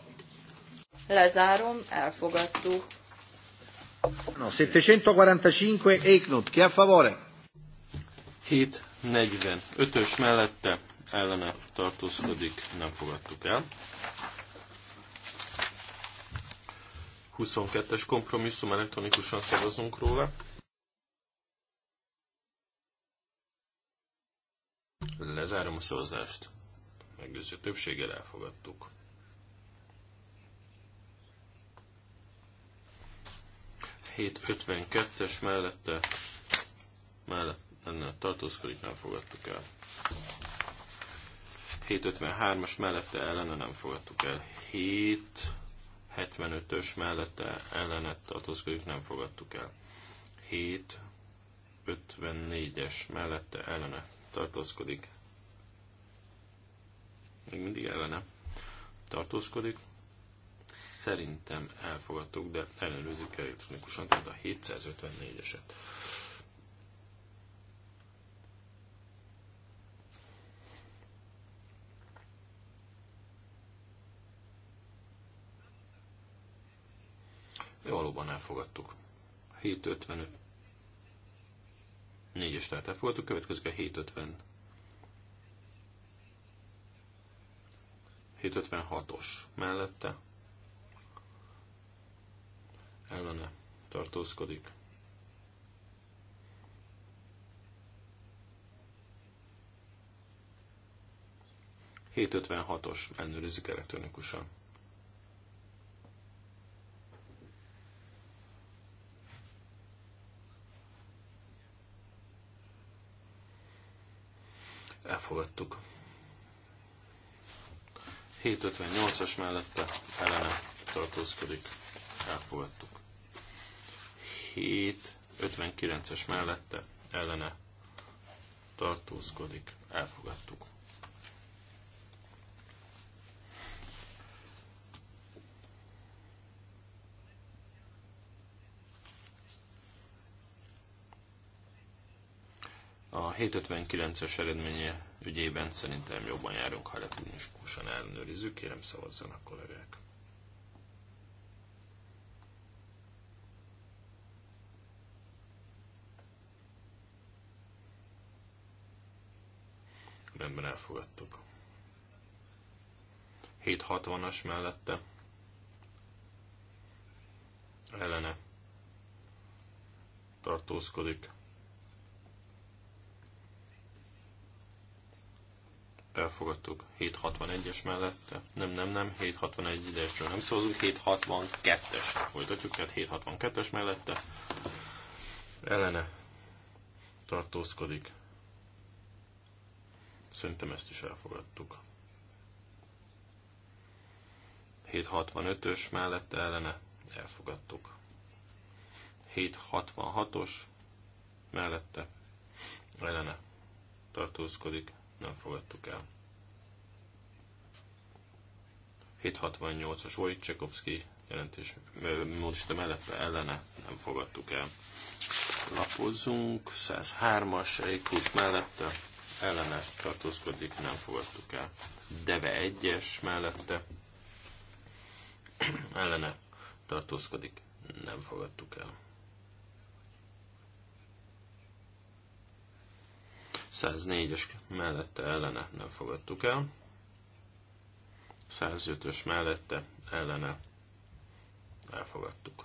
Lezárom, elfogadtuk. 745 Eknut, ki a favore? 745-ös mellette ellene tartózkodik, nem fogadtuk el. 22-es kompromisszum, elektronikusan szavazunk róla. Lezárom a szavazást. Meggyőző többséggel elfogadtuk. 752-es mellette mellett ennél tartózkodik, nem fogadtuk el. 753-as mellette ellene nem fogadtuk el. 775-ös mellette ellene tartózkodik, nem fogadtuk el. 754-es mellette ellene tartózkodik. Még mindig ellene tartózkodik. Szerintem elfogadtuk, de ellenőrzik elektronikusan, tehát a 754-eset. Valóban elfogadtuk. 755. 4-es tehát elfogadtuk, következik a 750. 756-os mellette ellene tartózkodik. os ellenőrizzük elektronikusan. Elfogadtuk. 758-as mellette ellene tartózkodik. Elfogadtuk. 7, 59-es mellette ellene tartózkodik. Elfogadtuk. A 759-es eredménye ügyében szerintem jobban járunk, ha elektronikusan ellenőrizzük. Kérem szavazzanak kollégák! rendben elfogadtuk. 760-as mellette ellene tartózkodik. Elfogadtuk 761-es mellette. Nem, nem, nem, 761-esről nem szózunk, 762 es folytatjuk, tehát 762-es mellette ellene tartózkodik. Szerintem ezt is elfogadtuk. 765-ös mellette ellene elfogadtuk. 766-os mellette ellene tartózkodik, nem fogadtuk el. 768-as Wojciechowski jelentés módosító mellette ellene nem fogadtuk el. Lapozzunk, 103-as Eikus mellette ellene tartózkodik, nem fogadtuk el. Deve egyes mellette ellene tartózkodik, nem fogadtuk el. 104-es mellette ellene nem fogadtuk el. 105-ös mellette ellene elfogadtuk.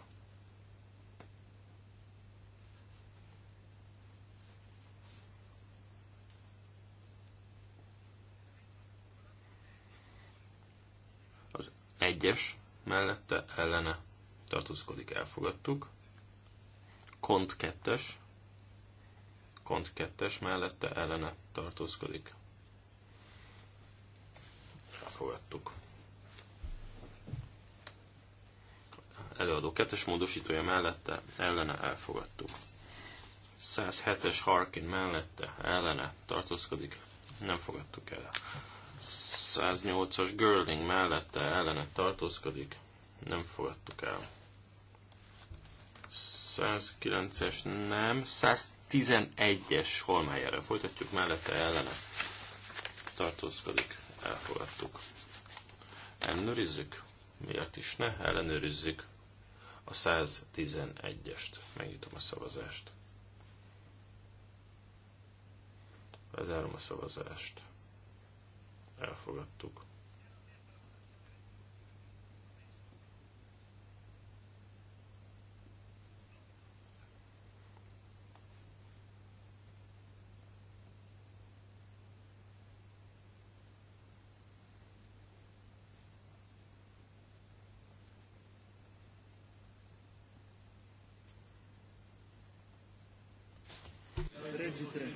Egyes mellette ellene tartózkodik, elfogadtuk. Kont kettes, Kont kettes mellette ellene tartózkodik. Elfogadtuk. Előadó kettes módosítója mellette ellene elfogadtuk. 107-es Harkin mellette ellene tartózkodik. Nem fogadtuk el. 108-as Girling mellette ellenet tartózkodik, nem fogadtuk el. 109-es nem, 111-es Holmájára folytatjuk, mellette ellene tartózkodik, elfogadtuk. Ellenőrizzük? Miért is ne? Ellenőrizzük a 111-est. Megnyitom a szavazást. Lezárom a szavazást elfogadtuk.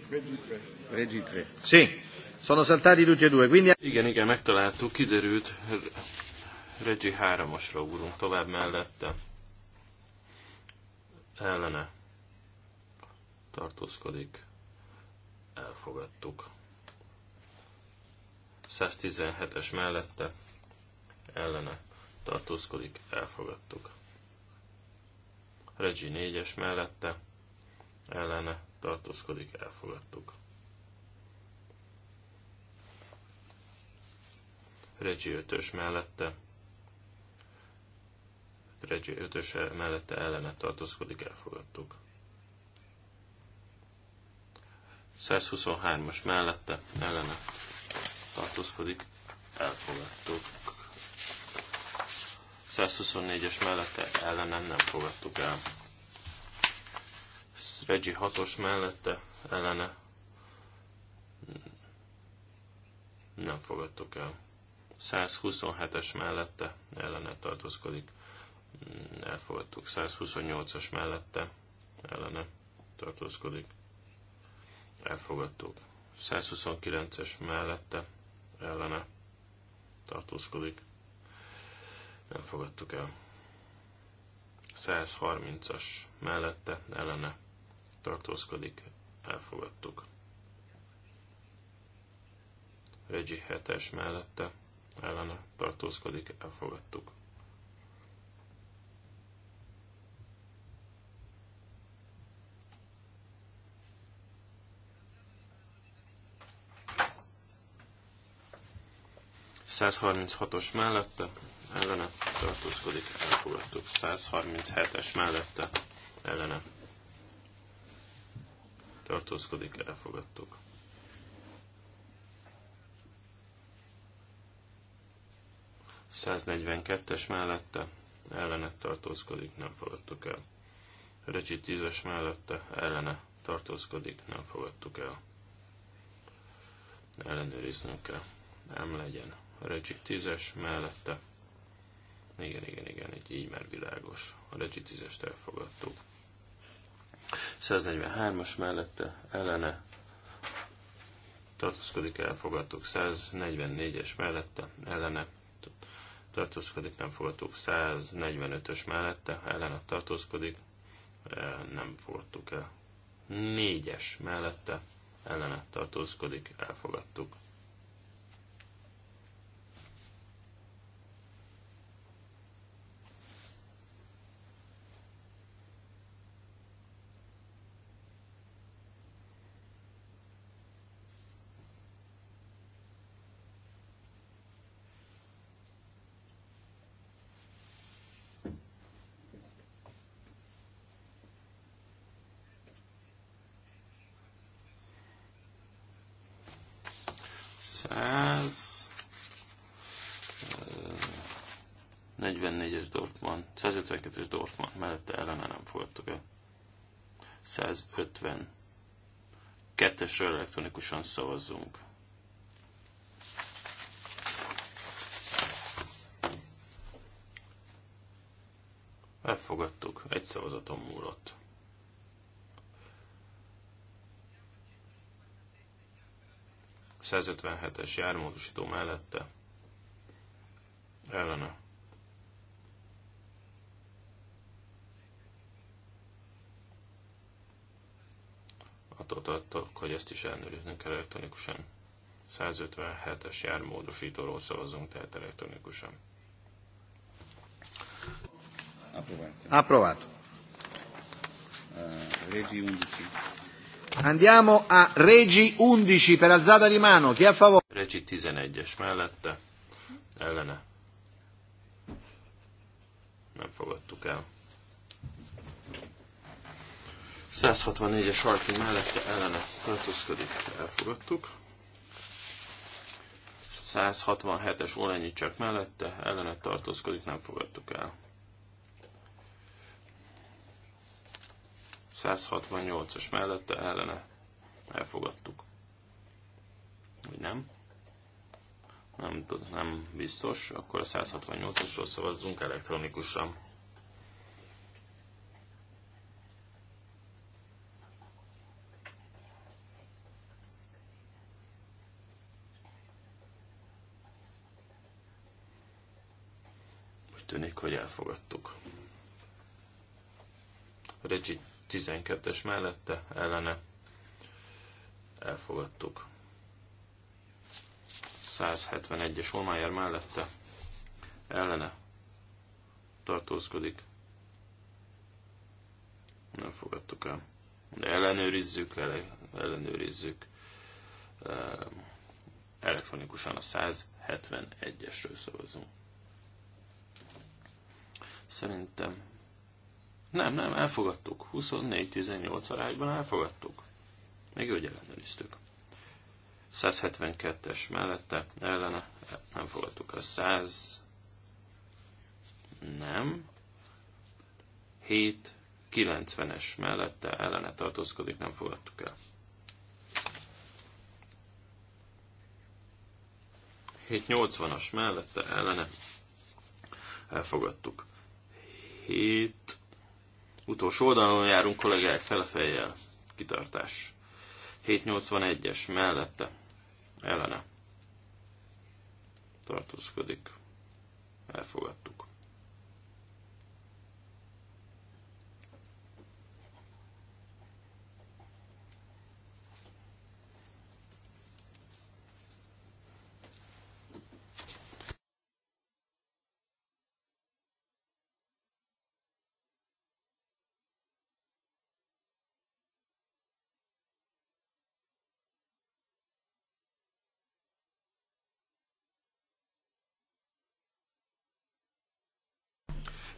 Regi 3. Regi 3. Sì. Sono saltati tutti e due, quindi... Igen, igen, megtaláltuk, kiderült. Regi 3-asra ugrunk tovább mellette. Ellene. Tartózkodik. Elfogadtuk. 117-es mellette. Ellene. Tartózkodik. Elfogadtuk. Regi 4-es mellette. Ellene. Tartózkodik. Elfogadtuk. Reggie ötös mellette. Reggie ötös mellette ellene tartózkodik, elfogadtuk. 123-as mellette ellene tartózkodik, elfogadtuk. 124-es mellette ellenem nem fogadtuk el. Regi 6-os mellette ellene nem fogadtuk el. 127-es mellette ellene tartózkodik. Elfogadtuk. 128-as mellette ellene tartózkodik. Elfogadtuk. 129-es mellette ellene tartózkodik. Nem fogadtuk el. 130-as mellette ellene tartózkodik. Elfogadtuk. Regi 7-es mellette ellene tartózkodik, elfogadtuk. os mellette, ellene tartózkodik, elfogadtuk. 137-es mellette, ellene tartózkodik, elfogadtuk. 142-es mellette ellene tartózkodik, nem fogadtuk el. Recsi 10-es mellette ellene tartózkodik, nem fogadtuk el. Ellenőriznünk kell. Nem legyen. Recsi 10-es mellette. Igen, igen, igen, így, így már világos. A Recsi 10-est elfogadtuk. 143-as mellette ellene tartózkodik, elfogadtuk. 144-es mellette ellene tartózkodik, nem fogadtuk. 145-ös mellette ellenet tartózkodik, e, nem fogadtuk el. 4-es mellette ellenet tartózkodik, elfogadtuk. 152-es Dorfman mellette ellene nem fogadtuk el. 150. Kettesről elektronikusan szavazzunk. Elfogadtuk, egy szavazaton múlott. A 157-es jármódosító mellette ellene javaslatot adtak, hogy ezt is ellenőriznek elektronikusan. 157-es jármódosítóról szavazunk, tehát elektronikusan. Approvato. Eh, Regi 11. Andiamo a Regi 11 per alzata di mano. Chi è a favore? Regi 11-es mellette. Ellene. Nem fogadtuk el. 164-es harfi mellette ellene tartózkodik, elfogadtuk. 167-es olenyi csak mellette ellene tartózkodik, nem fogadtuk el. 168-as mellette ellene elfogadtuk. Vagy nem? Nem, nem biztos. Akkor a 168-asról szavazzunk elektronikusan. tűnik, hogy elfogadtuk. Regi 12-es mellette, ellene elfogadtuk. 171-es Holmájer mellette, ellene tartózkodik. Nem fogadtuk el. De ellenőrizzük, ele, ellenőrizzük eh, elektronikusan a 171-esről szavazunk. Szerintem. Nem, nem, elfogadtuk. 24-18 arányban elfogadtuk. Még úgy ellenőriztük. 172-es mellette, ellene, nem fogadtuk a 100, nem. 7, 90-es mellette, ellene tartózkodik, nem fogadtuk el. 780-as mellette, ellene elfogadtuk. Hét. Utolsó oldalon járunk, kollégák, felfejjel. Kitartás. 781-es mellette. Ellene. Tartózkodik. Elfogadtuk.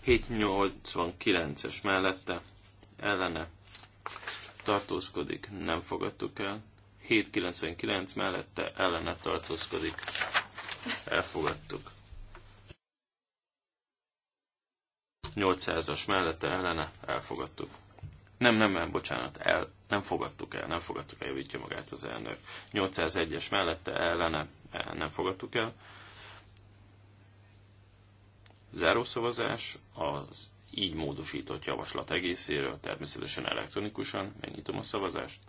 789-es mellette ellene tartózkodik, nem fogadtuk el. 799 mellette ellene tartózkodik, elfogadtuk. 800-as mellette ellene elfogadtuk. Nem, nem, nem, bocsánat, el, nem fogadtuk el, nem fogadtuk el, javítja magát az elnök. 801-es mellette ellene el, eh, nem fogadtuk el. Zárószavazás az így módosított javaslat egészéről, természetesen elektronikusan. Megnyitom a szavazást.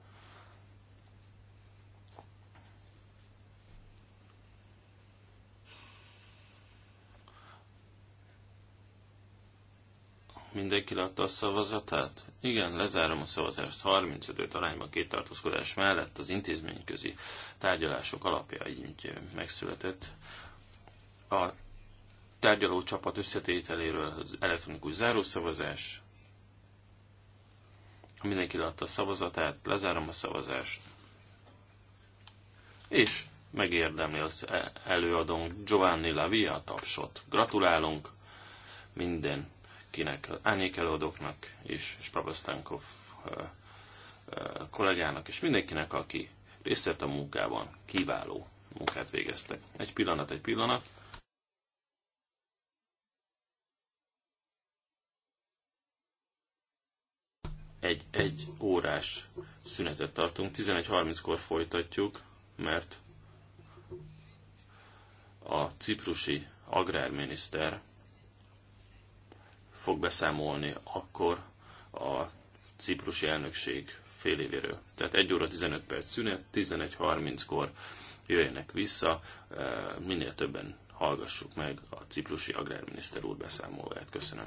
Mindenki látta a szavazatát? Igen, lezárom a szavazást 35 arányban két tartózkodás mellett az intézményközi tárgyalások alapja így megszületett. A tárgyaló csapat összetételéről az elektronikus zárószavazás. Ha mindenki látta a szavazatát, lezárom a szavazást. És megérdemli az előadónk Giovanni Lavia a tapsot. Gratulálunk mindenkinek, Ányék előadóknak és Sprabasztánkov kollégának és mindenkinek, aki részt vett a munkában, kiváló munkát végeztek. Egy pillanat, egy pillanat. egy egy órás szünetet tartunk. 11.30-kor folytatjuk, mert a ciprusi agrárminiszter fog beszámolni akkor a ciprusi elnökség fél évéről. Tehát 1 óra 15 perc szünet, 11.30-kor jöjjenek vissza, e, minél többen hallgassuk meg a ciprusi agrárminiszter úr beszámolóját. Köszönöm.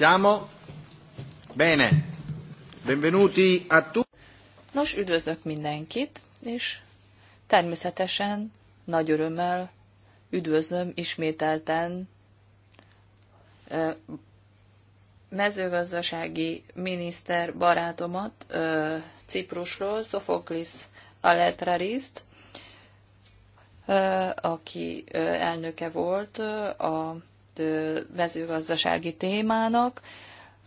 Siamo? Bene. Benvenuti a tutti. Nos, üdvözlök mindenkit, és természetesen nagy örömmel üdvözlöm ismételten mezőgazdasági miniszter barátomat Ciprusról, Sofoklis Aletrariszt, aki elnöke volt a mezőgazdasági témának,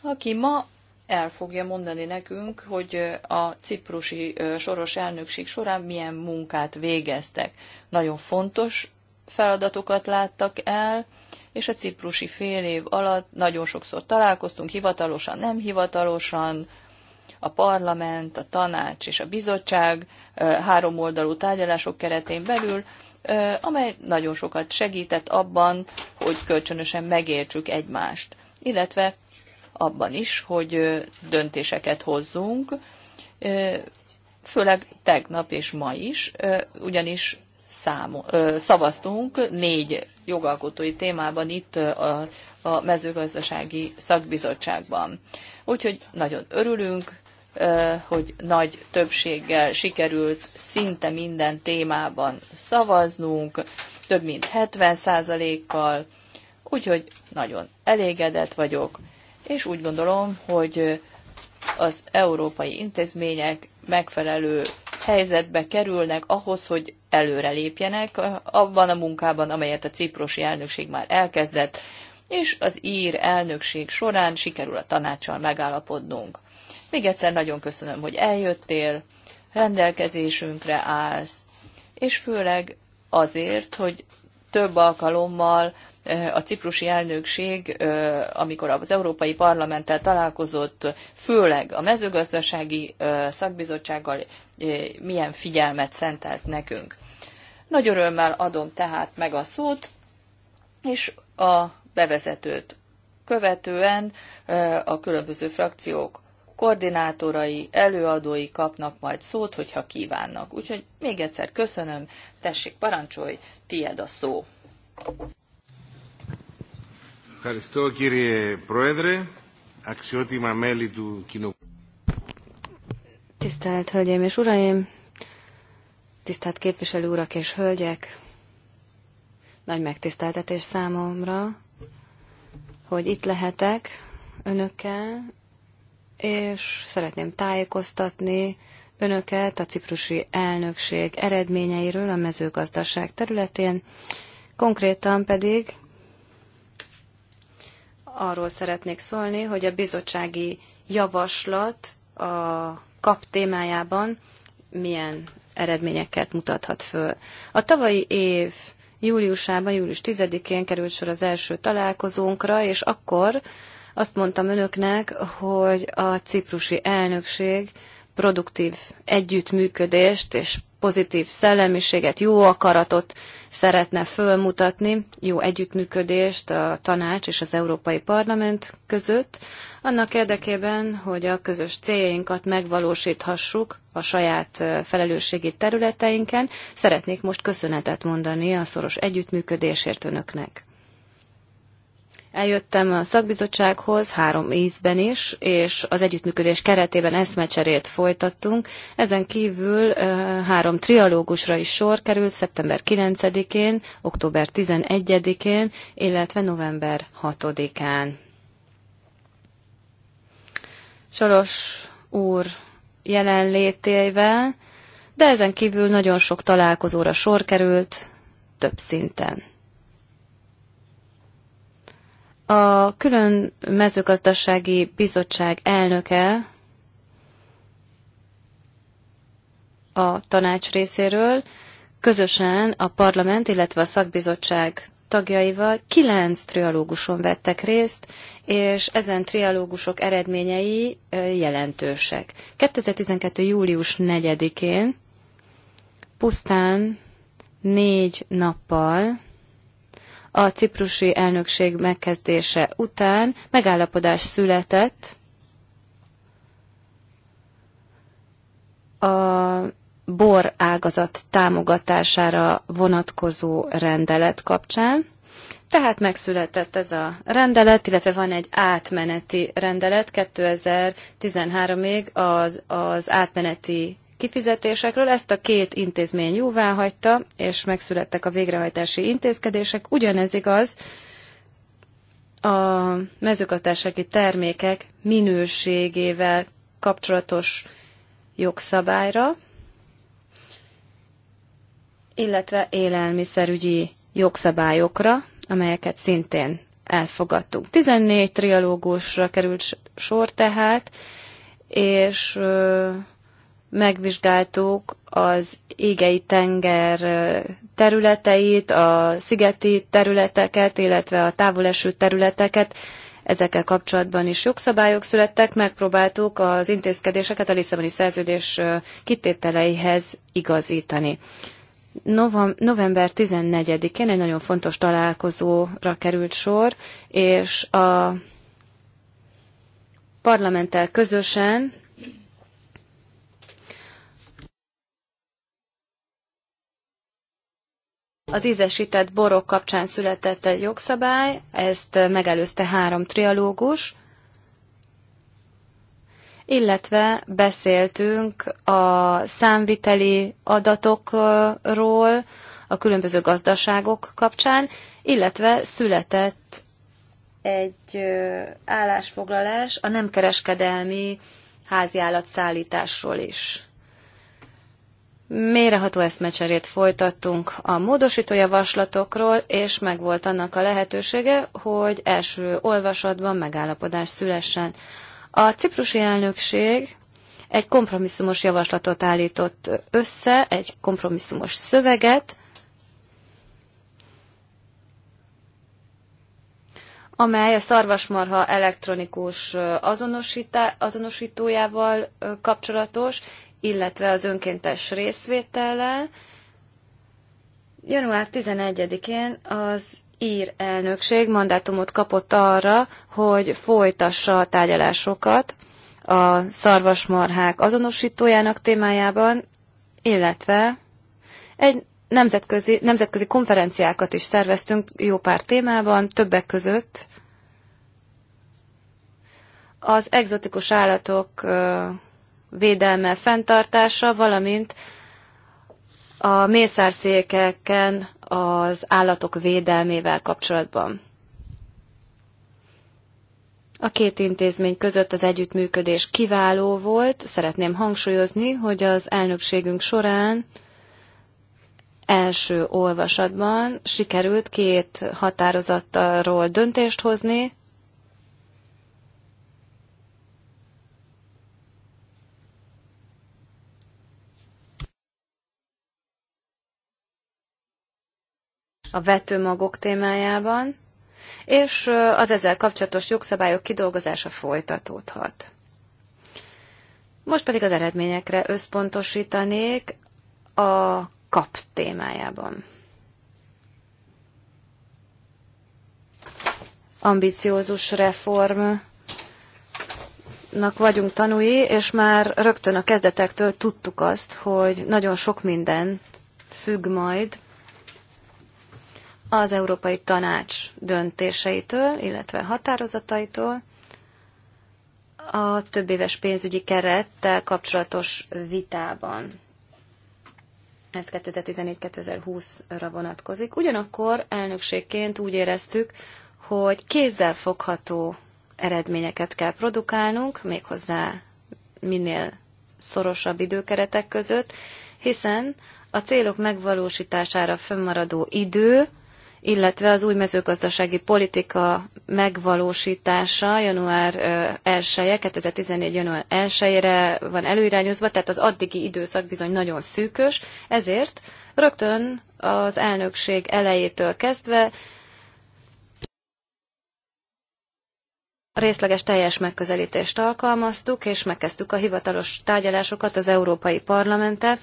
aki ma el fogja mondani nekünk, hogy a ciprusi soros elnökség során milyen munkát végeztek. Nagyon fontos feladatokat láttak el, és a ciprusi fél év alatt nagyon sokszor találkoztunk, hivatalosan, nem hivatalosan, a parlament, a tanács és a bizottság három oldalú tárgyalások keretén belül, amely nagyon sokat segített abban, hogy kölcsönösen megértsük egymást, illetve abban is, hogy döntéseket hozzunk, főleg tegnap és ma is, ugyanis számo, szavaztunk négy jogalkotói témában itt a, a mezőgazdasági szakbizottságban. Úgyhogy nagyon örülünk, hogy nagy többséggel sikerült szinte minden témában szavaznunk, több mint 70%-kal, úgyhogy nagyon elégedett vagyok, és úgy gondolom, hogy az európai intézmények megfelelő helyzetbe kerülnek ahhoz, hogy előrelépjenek abban a munkában, amelyet a ciprosi elnökség már elkezdett, és az ír elnökség során sikerül a tanácssal megállapodnunk. Még egyszer nagyon köszönöm, hogy eljöttél, rendelkezésünkre állsz, és főleg azért, hogy több alkalommal eh, a ciprusi elnökség, eh, amikor az Európai Parlamenttel találkozott, főleg a mezőgazdasági eh, szakbizottsággal milyen figyelmet szentelt nekünk. Nagy örömmel adom tehát meg a szót, és a bevezetőt követően a különböző frakciók koordinátorai, előadói kapnak majd szót, hogyha kívánnak. Úgyhogy még egyszer köszönöm, tessék parancsolj, tied a szó. Tisztelt Hölgyeim és Uraim, tisztelt képviselő urak és hölgyek, nagy megtiszteltetés számomra, hogy itt lehetek önökkel, és szeretném tájékoztatni önöket a ciprusi elnökség eredményeiről a mezőgazdaság területén, konkrétan pedig arról szeretnék szólni, hogy a bizottsági javaslat a kap témájában milyen eredményeket mutathat föl. A tavalyi év júliusában, július 10-én került sor az első találkozónkra, és akkor azt mondtam önöknek, hogy a ciprusi elnökség produktív együttműködést és pozitív szellemiséget, jó akaratot szeretne fölmutatni, jó együttműködést a tanács és az Európai Parlament között, annak érdekében, hogy a közös céljainkat megvalósíthassuk a saját felelősségi területeinken. Szeretnék most köszönetet mondani a szoros együttműködésért önöknek. Eljöttem a szakbizottsághoz három ízben is, és az együttműködés keretében eszmecserét folytattunk. Ezen kívül három trialógusra is sor került szeptember 9-én, október 11-én, illetve november 6-án. Soros úr jelenlétével, de ezen kívül nagyon sok találkozóra sor került több szinten. A külön mezőgazdasági bizottság elnöke a tanács részéről közösen a parlament, illetve a szakbizottság tagjaival kilenc trialóguson vettek részt, és ezen trialógusok eredményei jelentősek. 2012. július 4-én pusztán négy nappal a ciprusi elnökség megkezdése után megállapodás született a bor ágazat támogatására vonatkozó rendelet kapcsán. Tehát megszületett ez a rendelet, illetve van egy átmeneti rendelet 2013-ig az, az átmeneti kifizetésekről. Ezt a két intézmény jóváhagyta, és megszülettek a végrehajtási intézkedések. Ugyanez igaz a mezőgazdasági termékek minőségével kapcsolatos jogszabályra, illetve élelmiszerügyi jogszabályokra, amelyeket szintén elfogadtunk. 14 trialógusra került sor tehát, és megvizsgáltuk az égei tenger területeit, a szigeti területeket, illetve a távoleső területeket. Ezekkel kapcsolatban is jogszabályok születtek, megpróbáltuk az intézkedéseket a Lisszaboni szerződés kitételeihez igazítani. November 14-én egy nagyon fontos találkozóra került sor, és a parlamenttel közösen Az ízesített borok kapcsán született egy jogszabály, ezt megelőzte három trialógus, illetve beszéltünk a számviteli adatokról a különböző gazdaságok kapcsán, illetve született egy állásfoglalás a nem kereskedelmi háziállatszállításról is. Méreható eszmecserét folytattunk a módosító javaslatokról, és megvolt annak a lehetősége, hogy első olvasatban megállapodás szülessen. A ciprusi elnökség egy kompromisszumos javaslatot állított össze, egy kompromisszumos szöveget, amely a szarvasmarha elektronikus azonosítójával kapcsolatos, illetve az önkéntes részvétellel. Január 11-én az ír elnökség mandátumot kapott arra, hogy folytassa a tárgyalásokat a szarvasmarhák azonosítójának témájában, illetve egy nemzetközi, nemzetközi konferenciákat is szerveztünk jó pár témában, többek között az egzotikus állatok védelme, fenntartása, valamint a mészárszékeken az állatok védelmével kapcsolatban. A két intézmény között az együttműködés kiváló volt. Szeretném hangsúlyozni, hogy az elnökségünk során első olvasatban sikerült két határozattalról döntést hozni, a vetőmagok témájában, és az ezzel kapcsolatos jogszabályok kidolgozása folytatódhat. Most pedig az eredményekre összpontosítanék a kap témájában. Ambiciózus reform nak vagyunk tanúi, és már rögtön a kezdetektől tudtuk azt, hogy nagyon sok minden függ majd az Európai Tanács döntéseitől, illetve határozataitól, a több éves pénzügyi kerettel kapcsolatos vitában. Ez 2014-2020-ra vonatkozik. Ugyanakkor elnökségként úgy éreztük, hogy kézzel fogható eredményeket kell produkálnunk, méghozzá minél szorosabb időkeretek között, hiszen a célok megvalósítására fönnmaradó idő illetve az új mezőgazdasági politika megvalósítása január 1-e, 2014. január 1-ére van előirányozva, tehát az addigi időszak bizony nagyon szűkös, ezért rögtön az elnökség elejétől kezdve részleges teljes megközelítést alkalmaztuk, és megkezdtük a hivatalos tárgyalásokat az Európai Parlamenttel.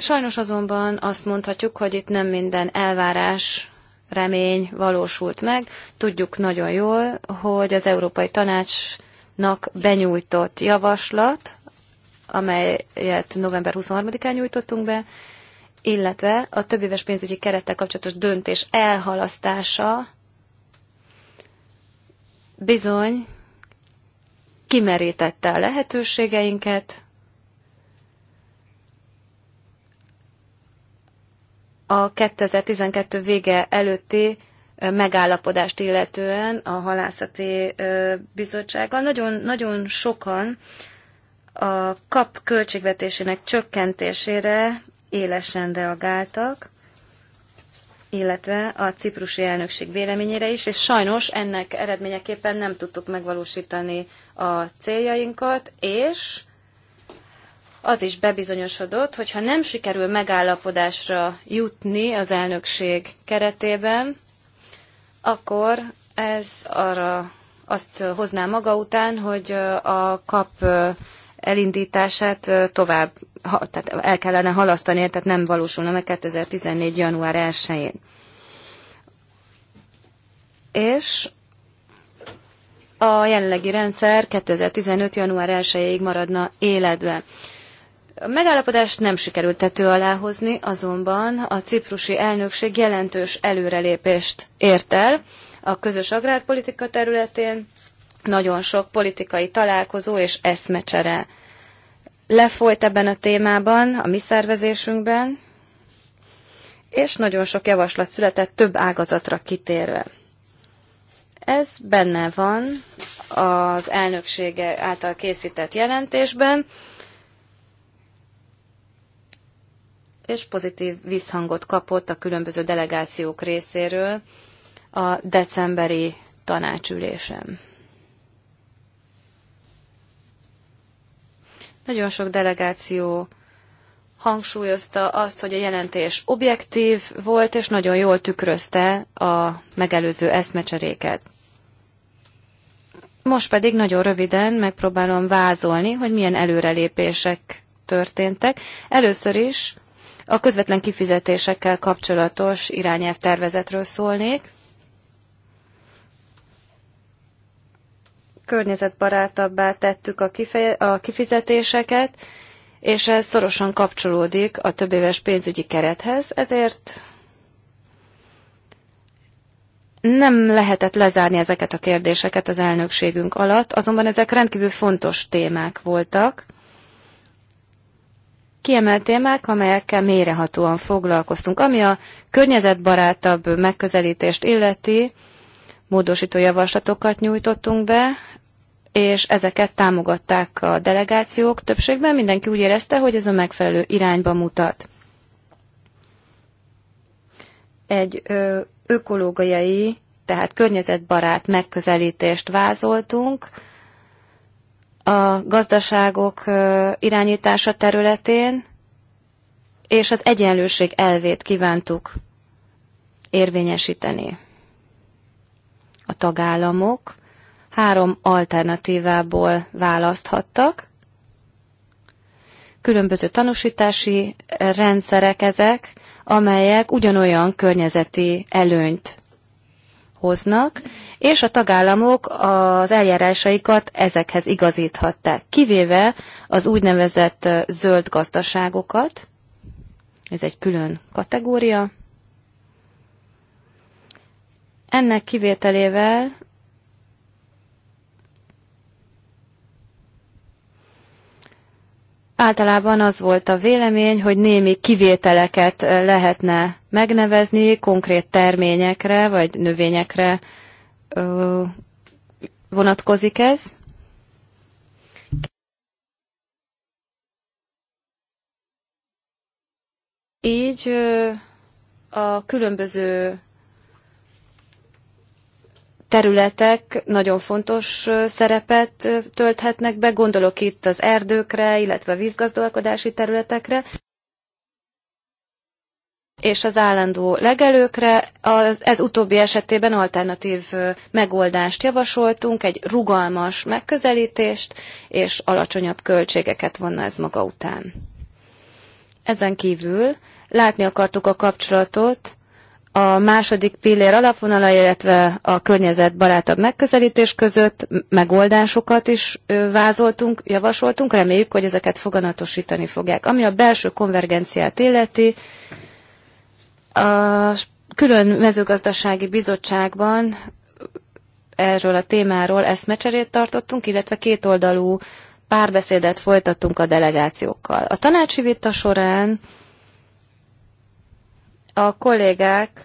Sajnos azonban azt mondhatjuk, hogy itt nem minden elvárás, remény valósult meg. Tudjuk nagyon jól, hogy az Európai Tanácsnak benyújtott javaslat, amelyet november 23-án nyújtottunk be, illetve a többéves pénzügyi kerettel kapcsolatos döntés elhalasztása bizony kimerítette a lehetőségeinket, a 2012 vége előtti megállapodást illetően a halászati bizottsággal. Nagyon, nagyon sokan a kap költségvetésének csökkentésére élesen reagáltak, illetve a ciprusi elnökség véleményére is, és sajnos ennek eredményeképpen nem tudtuk megvalósítani a céljainkat, és az is bebizonyosodott, hogy ha nem sikerül megállapodásra jutni az elnökség keretében, akkor ez arra azt hozná maga után, hogy a kap elindítását tovább, tehát el kellene halasztani, tehát nem valósulna meg 2014. január 1-én. És a jelenlegi rendszer 2015. január 1-ig maradna életben. A megállapodást nem sikerült tető alá hozni, azonban a ciprusi elnökség jelentős előrelépést ért el a közös agrárpolitika területén. Nagyon sok politikai találkozó és eszmecsere lefolyt ebben a témában, a mi szervezésünkben, és nagyon sok javaslat született több ágazatra kitérve. Ez benne van az elnöksége által készített jelentésben, és pozitív visszhangot kapott a különböző delegációk részéről a decemberi tanácsülésen. Nagyon sok delegáció hangsúlyozta azt, hogy a jelentés objektív volt, és nagyon jól tükrözte a megelőző eszmecseréket. Most pedig nagyon röviden megpróbálom vázolni, hogy milyen előrelépések történtek. Először is a közvetlen kifizetésekkel kapcsolatos irányelvtervezetről szólnék. Környezetbarátabbá tettük a, a kifizetéseket, és ez szorosan kapcsolódik a többéves pénzügyi kerethez, ezért nem lehetett lezárni ezeket a kérdéseket az elnökségünk alatt, azonban ezek rendkívül fontos témák voltak, kiemelt témák, amelyekkel mélyrehatóan foglalkoztunk. Ami a környezetbarátabb megközelítést illeti, módosító javaslatokat nyújtottunk be, és ezeket támogatták a delegációk többségben. Mindenki úgy érezte, hogy ez a megfelelő irányba mutat. Egy ökológiai, tehát környezetbarát megközelítést vázoltunk, a gazdaságok irányítása területén, és az egyenlőség elvét kívántuk érvényesíteni. A tagállamok három alternatívából választhattak. Különböző tanúsítási rendszerek ezek, amelyek ugyanolyan környezeti előnyt hoznak, és a tagállamok az eljárásaikat ezekhez igazíthatták, kivéve az úgynevezett zöld gazdaságokat, ez egy külön kategória. Ennek kivételével Általában az volt a vélemény, hogy némi kivételeket eh, lehetne megnevezni konkrét terményekre vagy növényekre vonatkozik ez. Így a különböző területek nagyon fontos szerepet tölthetnek be, gondolok itt az erdőkre, illetve vízgazdálkodási területekre és az állandó legelőkre. Az, ez utóbbi esetében alternatív megoldást javasoltunk, egy rugalmas megközelítést, és alacsonyabb költségeket vonna ez maga után. Ezen kívül látni akartuk a kapcsolatot a második pillér alapvonala, illetve a környezetbarátabb megközelítés között megoldásokat is vázoltunk, javasoltunk, reméljük, hogy ezeket foganatosítani fogják. Ami a belső konvergenciát illeti, a külön mezőgazdasági bizottságban erről a témáról eszmecserét tartottunk, illetve kétoldalú párbeszédet folytattunk a delegációkkal. A tanácsi vita során a kollégák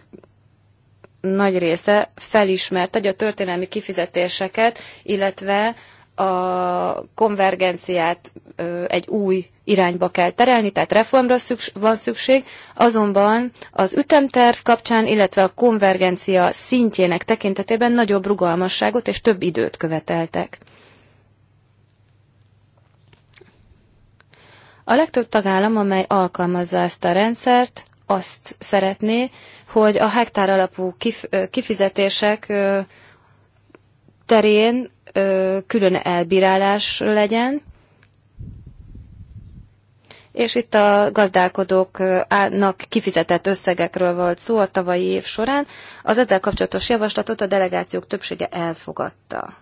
nagy része felismerte, hogy a történelmi kifizetéseket, illetve a konvergenciát egy új irányba kell terelni, tehát reformra szükség, van szükség, azonban az ütemterv kapcsán, illetve a konvergencia szintjének tekintetében nagyobb rugalmasságot és több időt követeltek. A legtöbb tagállam, amely alkalmazza ezt a rendszert, azt szeretné, hogy a hektár alapú kifizetések terén külön elbírálás legyen, és itt a gazdálkodóknak kifizetett összegekről volt szó a tavalyi év során. Az ezzel kapcsolatos javaslatot a delegációk többsége elfogadta.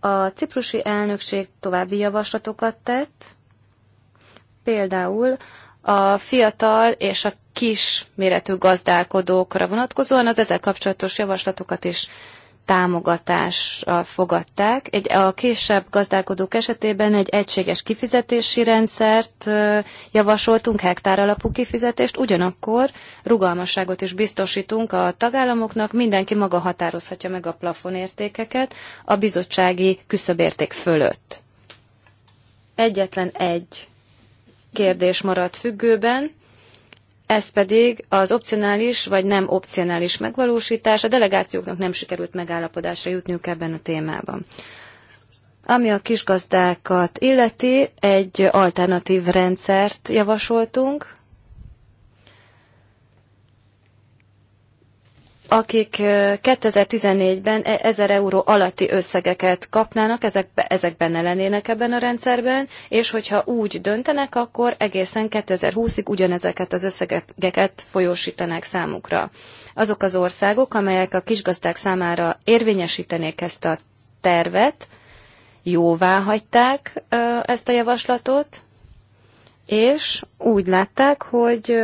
A ciprusi elnökség további javaslatokat tett, például a fiatal és a kis méretű gazdálkodókra vonatkozóan az ezzel kapcsolatos javaslatokat is támogatással fogadták. Egy, a kisebb gazdálkodók esetében egy egységes kifizetési rendszert javasoltunk, hektár alapú kifizetést, ugyanakkor rugalmasságot is biztosítunk a tagállamoknak, mindenki maga határozhatja meg a plafonértékeket a bizottsági küszöbérték fölött. Egyetlen egy kérdés maradt függőben, ez pedig az opcionális vagy nem opcionális megvalósítás. A delegációknak nem sikerült megállapodásra jutniuk ebben a témában. Ami a kisgazdákat illeti, egy alternatív rendszert javasoltunk, akik 2014-ben 1000 e- euró alatti összegeket kapnának, ezek, ezek benne lennének ebben a rendszerben, és hogyha úgy döntenek, akkor egészen 2020-ig ugyanezeket az összegeket folyósítanák számukra. Azok az országok, amelyek a kisgazdák számára érvényesítenék ezt a tervet, jóvá hagyták ezt a javaslatot, és úgy látták, hogy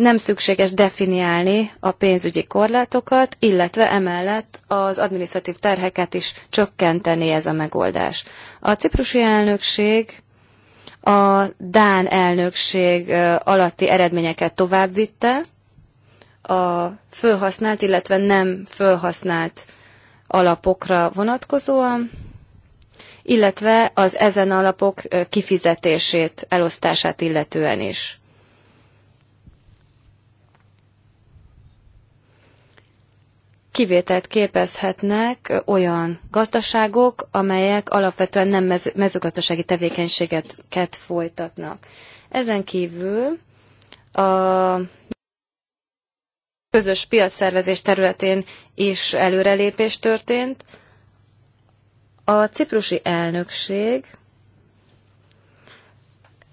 nem szükséges definiálni a pénzügyi korlátokat, illetve emellett az adminisztratív terheket is csökkenteni ez a megoldás. A ciprusi elnökség a Dán elnökség alatti eredményeket továbbvitte, a fölhasznált, illetve nem fölhasznált alapokra vonatkozóan, illetve az ezen alapok kifizetését, elosztását illetően is. kivételt képezhetnek olyan gazdaságok, amelyek alapvetően nem mez- mezőgazdasági tevékenységet folytatnak. Ezen kívül a közös piacszervezés területén is előrelépés történt. A ciprusi elnökség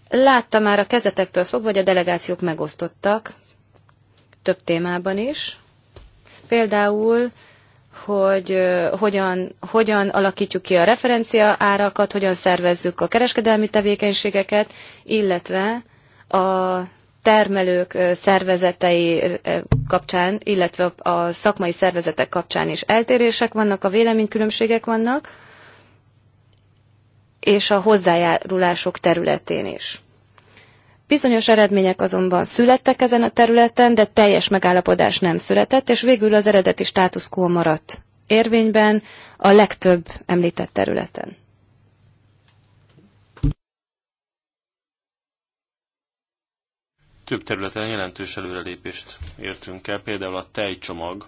látta már a kezetektől fogva, hogy a delegációk megosztottak több témában is. Például, hogy hogyan, hogyan alakítjuk ki a referencia árakat, hogyan szervezzük a kereskedelmi tevékenységeket, illetve a termelők szervezetei kapcsán, illetve a szakmai szervezetek kapcsán is eltérések vannak, a véleménykülönbségek vannak, és a hozzájárulások területén is. Bizonyos eredmények azonban születtek ezen a területen, de teljes megállapodás nem született, és végül az eredeti status quo maradt érvényben a legtöbb említett területen. Több területen jelentős előrelépést értünk el, például a tejcsomag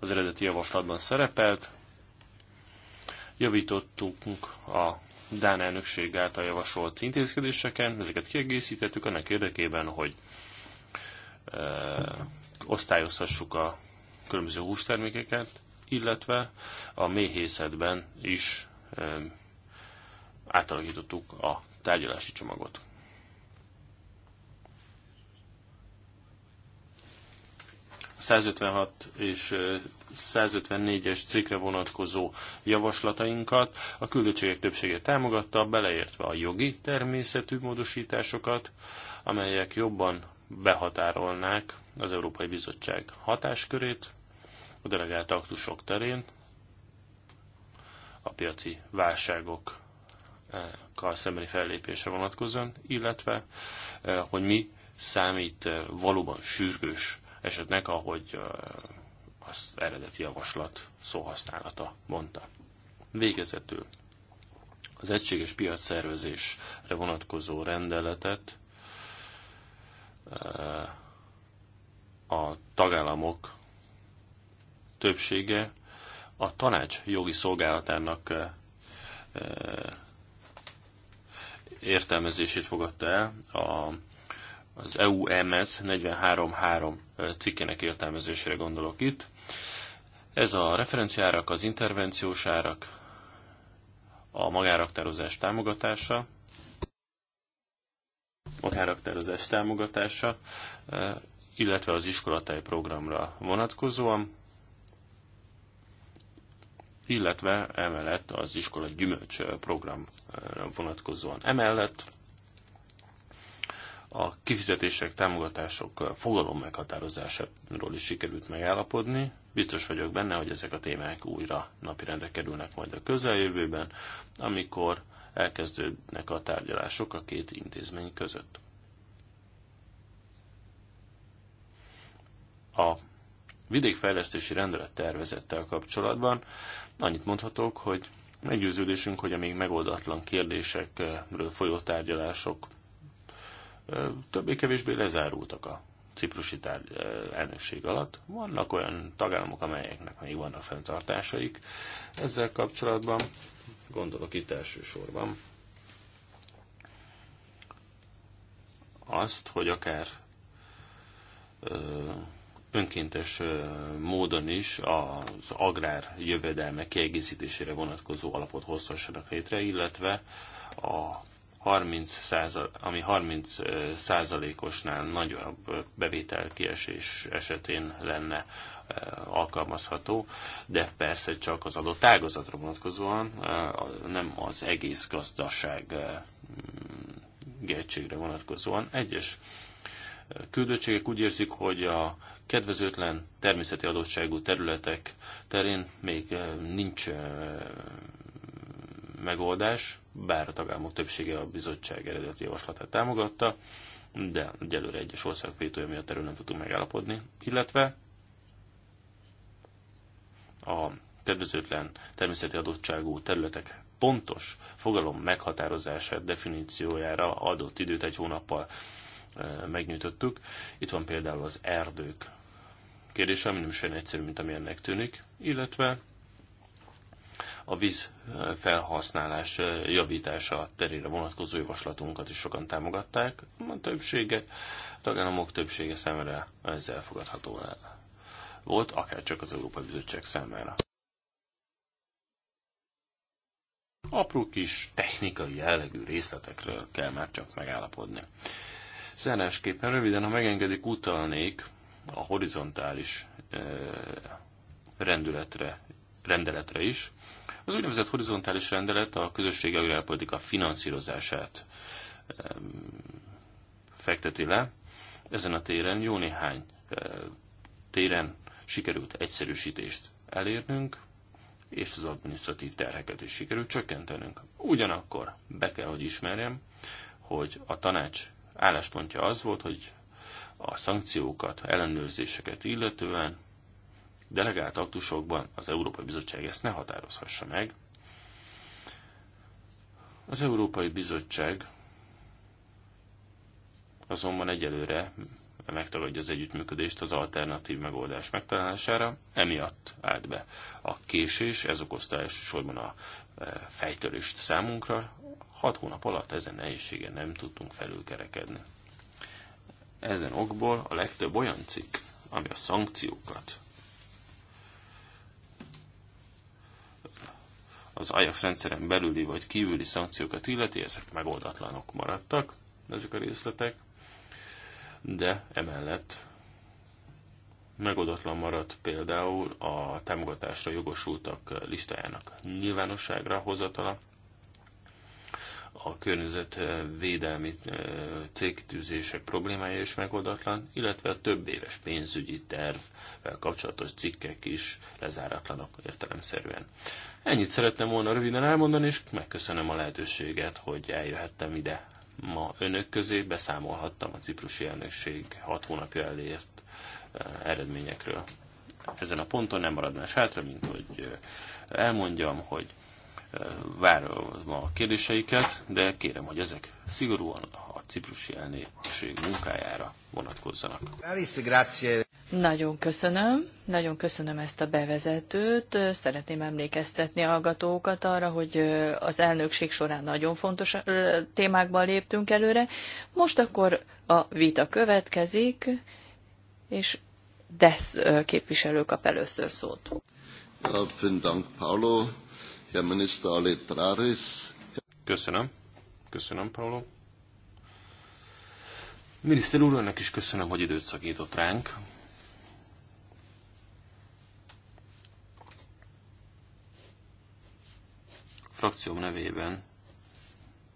az eredeti javaslatban szerepelt, javítottunk a Dán elnökség által javasolt intézkedéseken, ezeket kiegészítettük annak érdekében, hogy ö, osztályozhassuk a különböző hústermékeket, illetve a méhészetben is ö, átalakítottuk a tárgyalási csomagot. A 156 és 154-es cikkre vonatkozó javaslatainkat. A küldöttségek többsége támogatta, beleértve a jogi természetű módosításokat, amelyek jobban behatárolnák az Európai Bizottság hatáskörét a delegált aktusok terén a piaci válságok szembeni fellépése vonatkozóan, illetve eh, hogy mi számít eh, valóban sürgős esetnek, ahogy eh, az eredeti javaslat szóhasználata mondta. Végezetül az egységes piacszervezésre vonatkozó rendeletet eh, a tagállamok többsége a tanács jogi szolgálatának eh, eh, értelmezését fogadta el a az EUMS 43.3 cikkének értelmezésére gondolok itt. Ez a referenciárak, az intervenciós árak, a magáraktározás támogatása, magáraktározás támogatása, illetve az iskolatáj programra vonatkozóan, illetve emellett az iskola gyümölcs program vonatkozóan. Emellett a kifizetések, támogatások fogalom meghatározásáról is sikerült megállapodni. Biztos vagyok benne, hogy ezek a témák újra napirendre kerülnek majd a közeljövőben, amikor elkezdődnek a tárgyalások a két intézmény között. A vidékfejlesztési rendelet tervezettel kapcsolatban annyit mondhatok, hogy meggyőződésünk, hogy a még megoldatlan kérdésekről folyó tárgyalások többé-kevésbé lezárultak a ciprusi tár, elnökség alatt. Vannak olyan tagállamok, amelyeknek még vannak fenntartásaik ezzel kapcsolatban. Gondolok itt elsősorban azt, hogy akár önkéntes módon is az agrár jövedelme kiegészítésére vonatkozó alapot hozhassanak létre, illetve a 30 ami 30 százalékosnál nagyobb bevételkiesés esetén lenne alkalmazható, de persze csak az adott ágazatra vonatkozóan, nem az egész gazdaság mm, gehetségre vonatkozóan. Egyes küldöttségek úgy érzik, hogy a kedvezőtlen természeti adottságú területek terén még nincs megoldás, bár a tagállamok többsége a bizottság eredeti javaslatát támogatta, de egyelőre egyes ország vétója miatt erről nem tudtunk megállapodni, illetve a kedvezőtlen természeti adottságú területek pontos fogalom meghatározását, definíciójára adott időt egy hónappal e, megnyitottuk. Itt van például az erdők kérdése, ami nem is olyan egyszerű, mint ami ennek tűnik, illetve a víz felhasználás javítása terére vonatkozó javaslatunkat is sokan támogatták. A többsége, a tagállamok többsége számára ez elfogadható volt, akár csak az Európai Bizottság számára. Apró kis technikai jellegű részletekről kell már csak megállapodni. Zárásképpen röviden, ha megengedik, utalnék a horizontális rendületre, rendeletre is, az úgynevezett horizontális rendelet a közösségi agrárpolitika finanszírozását fekteti le. Ezen a téren jó néhány e, téren sikerült egyszerűsítést elérnünk, és az adminisztratív terheket is sikerült csökkentenünk. Ugyanakkor be kell, hogy ismerjem, hogy a tanács álláspontja az volt, hogy a szankciókat, ellenőrzéseket illetően delegált aktusokban az Európai Bizottság ezt ne határozhassa meg. Az Európai Bizottság azonban egyelőre megtagadja az együttműködést az alternatív megoldás megtalálására, emiatt állt be a késés, ez okozta elsősorban a e, fejtörést számunkra, hat hónap alatt ezen nehézségen nem tudtunk felülkerekedni. Ezen okból a legtöbb olyan cikk, ami a szankciókat az Ajax rendszeren belüli vagy kívüli szankciókat illeti, ezek megoldatlanok maradtak, ezek a részletek, de emellett megoldatlan maradt például a támogatásra jogosultak listájának nyilvánosságra hozatala, a környezetvédelmi eh, eh, célkitűzések problémája is megoldatlan, illetve a több éves pénzügyi tervvel kapcsolatos cikkek is lezáratlanak értelemszerűen. Ennyit szerettem volna röviden elmondani, és megköszönöm a lehetőséget, hogy eljöhettem ide ma önök közé, beszámolhattam a ciprusi elnökség hat hónapja elért eh, eredményekről. Ezen a ponton nem maradná hátra, mint hogy elmondjam, hogy várom a kérdéseiket, de kérem, hogy ezek szigorúan a ciprusi elnökség munkájára vonatkozzanak. Nagyon köszönöm, nagyon köszönöm ezt a bevezetőt. Szeretném emlékeztetni a hallgatókat arra, hogy az elnökség során nagyon fontos témákban léptünk előre. Most akkor a vita következik, és Desz képviselő kap először szót. Ja, vielen Dank, Paulo. Aletraris. Köszönöm. Köszönöm, Paolo. Miniszter úr, önnek is köszönöm, hogy időt szakított ránk. A frakcióm nevében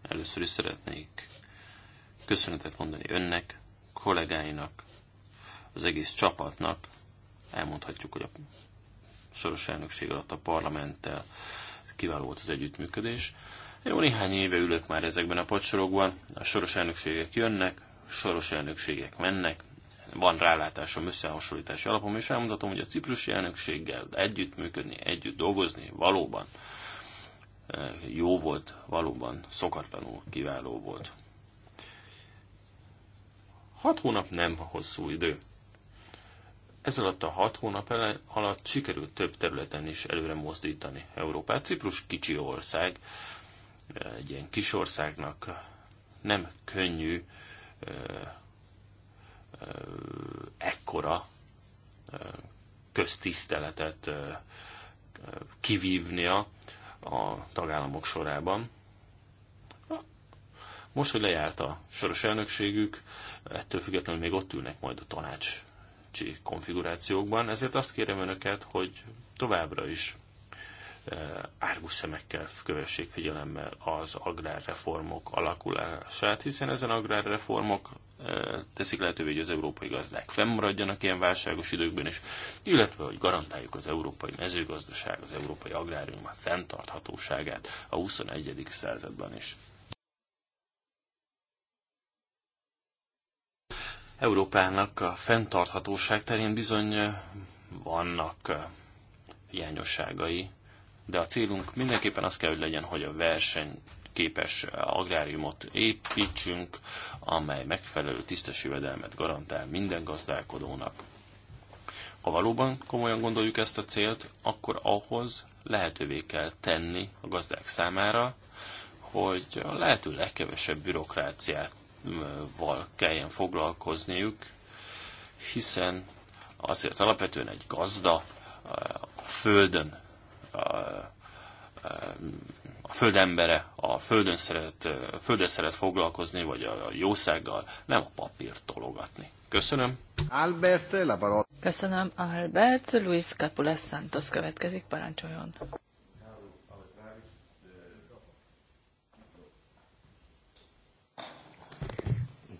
először is szeretnék köszönetet mondani önnek, kollégáinak, az egész csapatnak. Elmondhatjuk, hogy a soros elnökség alatt a parlamenttel kiváló volt az együttműködés. Jó néhány éve ülök már ezekben a pocsorokban, a soros elnökségek jönnek, soros elnökségek mennek, van rálátásom, összehasonlítási alapom, és elmondhatom, hogy a ciprusi elnökséggel együttműködni, együtt dolgozni valóban eh, jó volt, valóban szokatlanul kiváló volt. Hat hónap nem hosszú idő ez alatt a hat hónap alatt sikerült több területen is előre mozdítani Európát. Ciprus kicsi ország, egy ilyen kis országnak nem könnyű ekkora köztiszteletet kivívnia a tagállamok sorában. Most, hogy lejárt a soros elnökségük, ettől függetlenül még ott ülnek majd a tanács tanácsi konfigurációkban, ezért azt kérem Önöket, hogy továbbra is e, árgus szemekkel kövessék figyelemmel az agrárreformok alakulását, hiszen ezen agrárreformok e, teszik lehetővé, hogy az európai gazdák fennmaradjanak ilyen válságos időkben is, illetve hogy garantáljuk az európai mezőgazdaság, az európai agrárium fenntarthatóságát a 21. században is. Európának a fenntarthatóság terén bizony vannak hiányosságai, de a célunk mindenképpen az kell, hogy legyen, hogy a verseny képes agráriumot építsünk, amely megfelelő tisztes jövedelmet garantál minden gazdálkodónak. Ha valóban komolyan gondoljuk ezt a célt, akkor ahhoz lehetővé kell tenni a gazdák számára, hogy a lehető legkevesebb bürokráciát val kelljen foglalkozniuk, hiszen azért alapvetően egy gazda a földön a földembere a földön szeret, földön szeret foglalkozni, vagy a jószággal, nem a papírt tologatni. Köszönöm. Albert, la parola. Köszönöm, Albert. Luis Capula Santos következik, parancsoljon.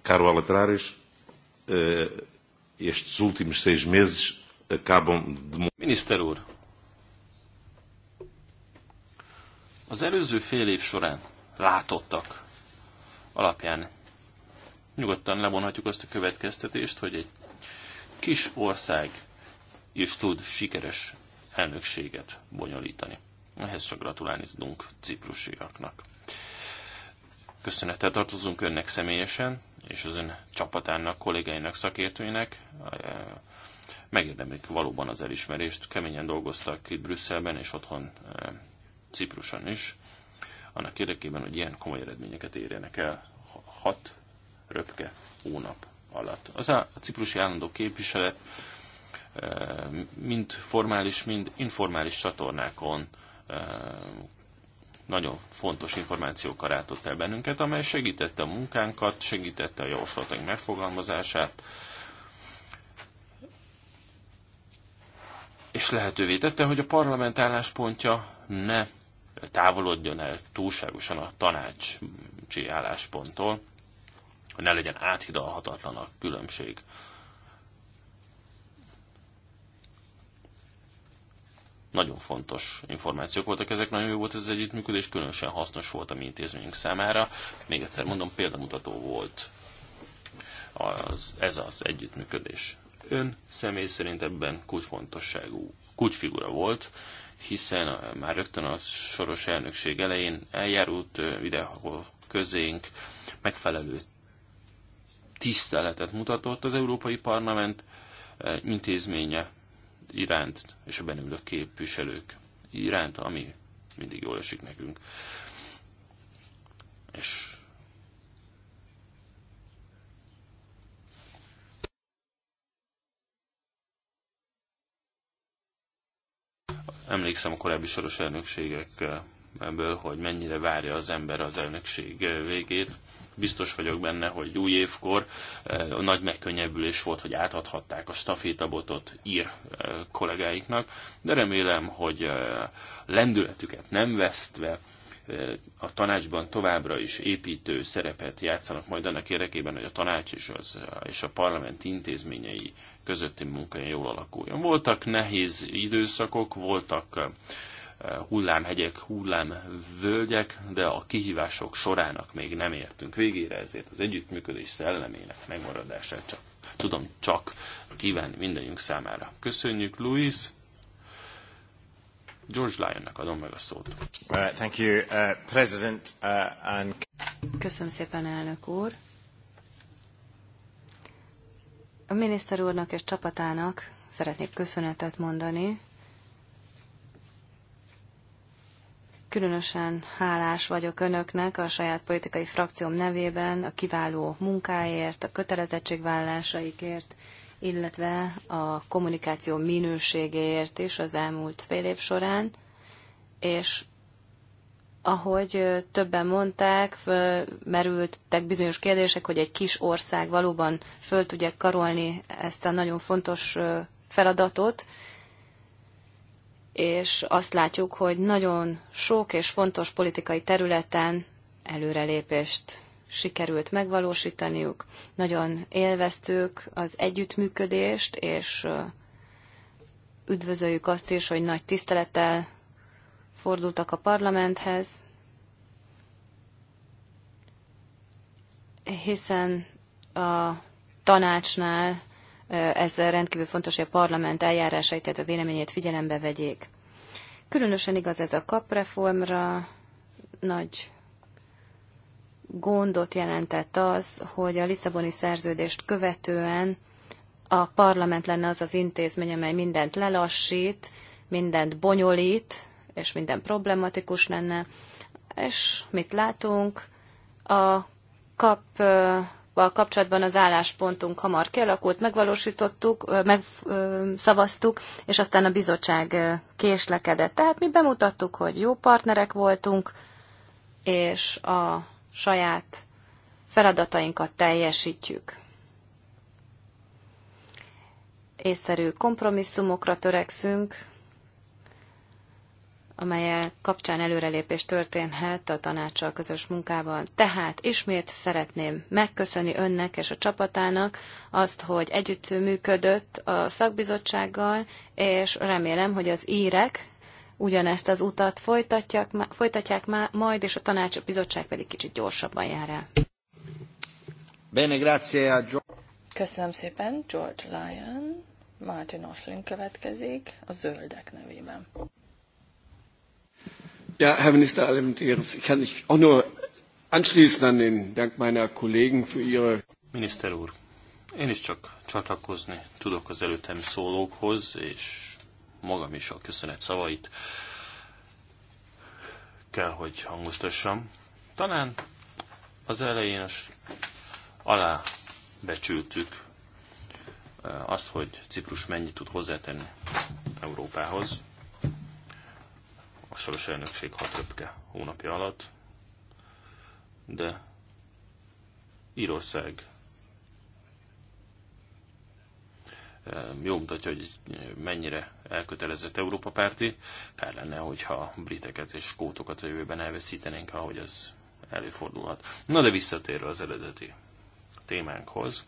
caro Alatrares, eh, estes últimos seis meses acabam de... Miniszter úr, az előző fél év során látottak alapján nyugodtan levonhatjuk azt a következtetést, hogy egy kis ország is tud sikeres elnökséget bonyolítani. Ehhez csak gratulálni tudunk ciprusiaknak. Köszönettel tartozunk önnek személyesen, és az ön csapatának, kollégáinak, szakértőinek eh, megérdemlik valóban az elismerést. Keményen dolgoztak itt Brüsszelben és otthon eh, Cipruson is, annak érdekében, hogy ilyen komoly eredményeket érjenek el hat röpke hónap alatt. Az a ciprusi állandó képviselet eh, mind formális, mind informális csatornákon nagyon fontos információkkal rátott el bennünket, amely segítette a munkánkat, segítette a javaslataink megfogalmazását, és lehetővé tette, hogy a parlament álláspontja ne távolodjon el túlságosan a tanácsi állásponttól, hogy ne legyen áthidalhatatlan a különbség. Nagyon fontos információk voltak ezek, nagyon jó volt ez az együttműködés, különösen hasznos volt a mi intézményünk számára. Még egyszer mondom, példamutató volt az, ez az együttműködés. Ön személy szerint ebben kulcsfontosságú, kulcsfigura volt, hiszen eh, már rögtön a soros elnökség elején eljárult eh, ide közénk, megfelelő tiszteletet mutatott az Európai Parlament eh, intézménye iránt és a benülő képviselők iránt, ami mindig jól esik nekünk. És emlékszem a korábbi soros elnökségek eh, ebből, hogy mennyire várja az ember az elnökség eh, végét, biztos vagyok benne, hogy új évkor eh, a nagy megkönnyebbülés volt, hogy átadhatták a stafétabotot ír eh, kollégáiknak, de remélem, hogy eh, lendületüket nem vesztve a tanácsban továbbra is építő szerepet játszanak majd annak érdekében, hogy a tanács és, az, és a parlament intézményei közötti munkája jól alakuljon. Voltak nehéz időszakok, voltak hullámhegyek, hullámvölgyek, de a kihívások sorának még nem értünk végére, ezért az együttműködés szellemének megmaradását csak tudom csak kívánni mindenünk számára. Köszönjük, Louis! George Lyonnak adom meg a szót. Uh, thank you, uh, President, uh, and... Köszönöm szépen, elnök úr! A miniszter úrnak és csapatának szeretnék köszönetet mondani Különösen hálás vagyok önöknek a saját politikai frakcióm nevében a kiváló munkáért, a kötelezettségvállásaikért, illetve a kommunikáció minőségéért is az elmúlt fél év során, és ahogy többen mondták, merültek bizonyos kérdések, hogy egy kis ország valóban föl tudja karolni ezt a nagyon fontos feladatot, és azt látjuk, hogy nagyon sok és fontos politikai területen előrelépést sikerült megvalósítaniuk. Nagyon élveztük az együttműködést, és üdvözöljük azt is, hogy nagy tisztelettel fordultak a parlamenthez, hiszen a tanácsnál ez rendkívül fontos, hogy a parlament eljárásait, tehát a véleményét figyelembe vegyék. Különösen igaz ez a kapreformra, nagy gondot jelentett az, hogy a Lisszaboni szerződést követően a parlament lenne az az intézmény, amely mindent lelassít, mindent bonyolít, és minden problematikus lenne. És mit látunk? A kap kapcsolatban az álláspontunk hamar kialakult, megvalósítottuk, megszavaztuk, és aztán a bizottság késlekedett. Tehát mi bemutattuk, hogy jó partnerek voltunk, és a saját feladatainkat teljesítjük. Észszerű kompromisszumokra törekszünk, amelyel kapcsán előrelépés történhet a tanácssal közös munkában. Tehát ismét szeretném megköszönni önnek és a csapatának azt, hogy együttműködött a szakbizottsággal, és remélem, hogy az írek ugyanezt az utat folytatják, folytatják majd, és a tanács a bizottság pedig kicsit gyorsabban jár el. Bene, grazie a Köszönöm szépen, George Lyon. Martin Oslin következik a zöldek nevében. Ja, Herr Minister Alementiris, ich kann mich auch nur anschließen an den Dank meiner Kollegen für ihre... Miniszter úr, én csak csatlakozni tudok az előttem szólókhoz, és magam is a köszönet szavait kell, hogy hangoztassam. Talán az elején is alá becsültük eh, azt, hogy Ciprus mennyit tud hozzátenni Európához a soros elnökség hat röpke hónapja alatt, de Írország eh, jó mutatja, hogy mennyire elkötelezett Európa párti. Kár lenne, hogyha briteket és skótokat a jövőben elveszítenénk, ahogy az előfordulhat. Na de visszatérve az eredeti témánkhoz.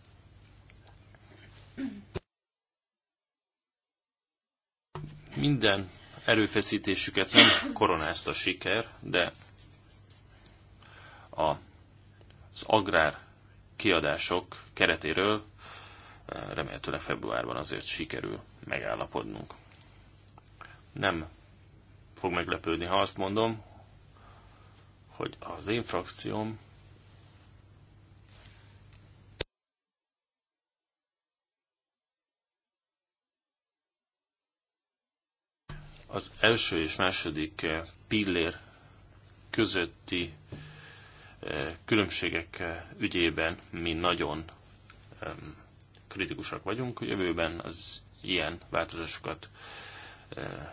Minden erőfeszítésüket nem koronázta siker, de a, az agrár kiadások keretéről eh, remélhetőleg februárban azért sikerül megállapodnunk. Nem fog meglepődni, ha azt mondom, hogy az én frakcióm az első és második eh, pillér közötti eh, különbségek eh, ügyében mi nagyon kritikusak vagyunk. Jövőben az ilyen változásokat,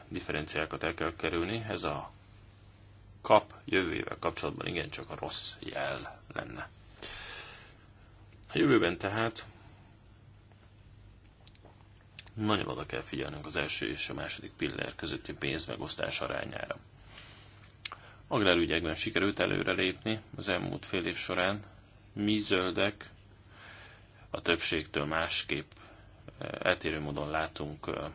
differenciákat el kell kerülni. Ez a kap jövőjével kapcsolatban igencsak a rossz jel lenne. A jövőben tehát nagyon oda kell figyelnünk az első és a második pillér közötti pénzmegosztás arányára. Agrárügyekben sikerült előrelépni az elmúlt fél év során. Mi zöldek a többségtől másképp e, eltérő módon látunk e,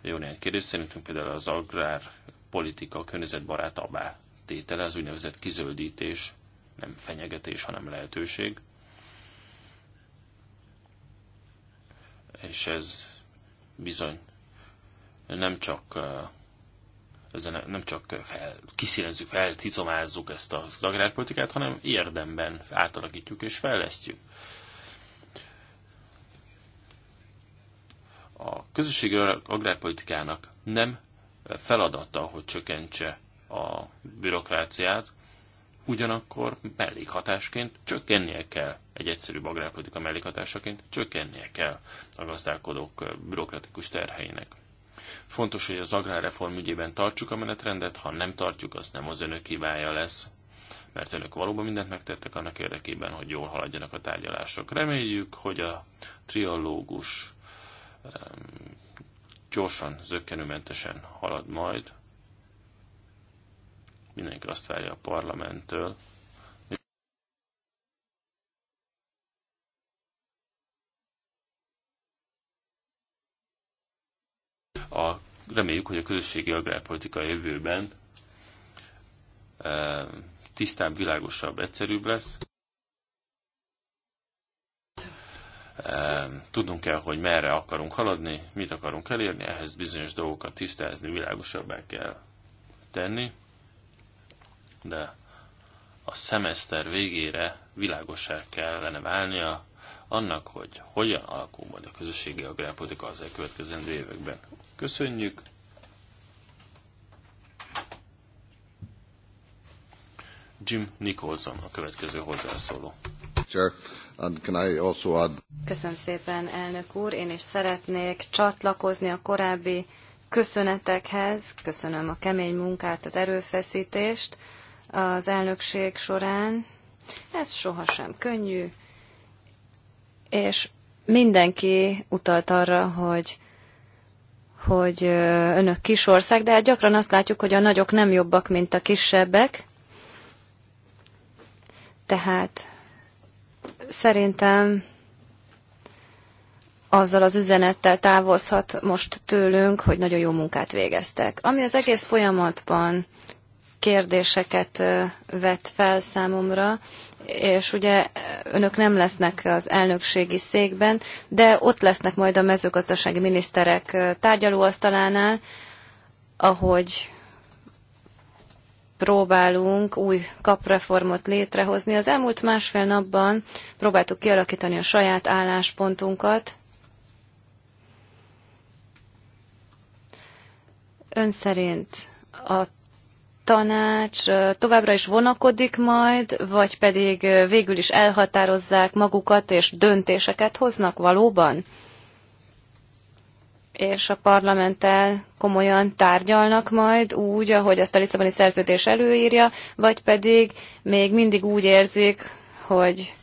jó néhány kérdés. Szerintünk például az agrárpolitika környezetbarátabbá tétele, az úgynevezett kizöldítés, nem fenyegetés, hanem lehetőség. És ez bizony nem csak ezen nem csak fel, kiszínezzük, felcicomázzuk ezt az agrárpolitikát, hanem érdemben átalakítjuk és fejlesztjük. A közösségi agrárpolitikának nem feladata, hogy csökkentse a bürokráciát, ugyanakkor mellékhatásként csökkennie kell, egy egyszerű agrárpolitika mellékhatásaként csökkennie kell a gazdálkodók bürokratikus terheinek. Fontos, hogy az agrárreform ügyében tartsuk a menetrendet, ha nem tartjuk, az nem az önök hibája lesz, mert önök valóban mindent megtettek annak érdekében, hogy jól haladjanak a tárgyalások. Reméljük, hogy a triológus gyorsan, zöggenőmentesen halad majd, Mindenki azt várja a parlamenttől, a, reméljük, hogy a közösségi agrárpolitika jövőben e, tisztább, világosabb, egyszerűbb lesz. E, tudnunk kell, hogy merre akarunk haladni, mit akarunk elérni, ehhez bizonyos dolgokat tisztázni, világosabbá kell tenni de a szemeszter végére világosá kellene válnia annak, hogy hogyan alakul majd a közösségi agrárpolitika az elkövetkezendő években. Köszönjük! Jim Nicholson a következő hozzászóló. Köszönöm szépen, elnök úr. Én is szeretnék csatlakozni a korábbi köszönetekhez. Köszönöm a kemény munkát, az erőfeszítést az elnökség során. Ez sohasem könnyű, és mindenki utalt arra, hogy hogy önök kis ország, de hát gyakran azt látjuk, hogy a nagyok nem jobbak, mint a kisebbek. Tehát szerintem azzal az üzenettel távozhat most tőlünk, hogy nagyon jó munkát végeztek. Ami az egész folyamatban kérdéseket vett fel számomra, és ugye önök nem lesznek az elnökségi székben, de ott lesznek majd a mezőgazdasági miniszterek tárgyalóasztalánál, ahogy próbálunk új kapreformot létrehozni. Az elmúlt másfél napban próbáltuk kialakítani a saját álláspontunkat. Ön szerint a tanács továbbra is vonakodik majd, vagy pedig végül is elhatározzák magukat és döntéseket hoznak valóban? És a parlamenttel komolyan tárgyalnak majd úgy, ahogy azt a Lisszaboni szerződés előírja, vagy pedig még mindig úgy érzik, hogy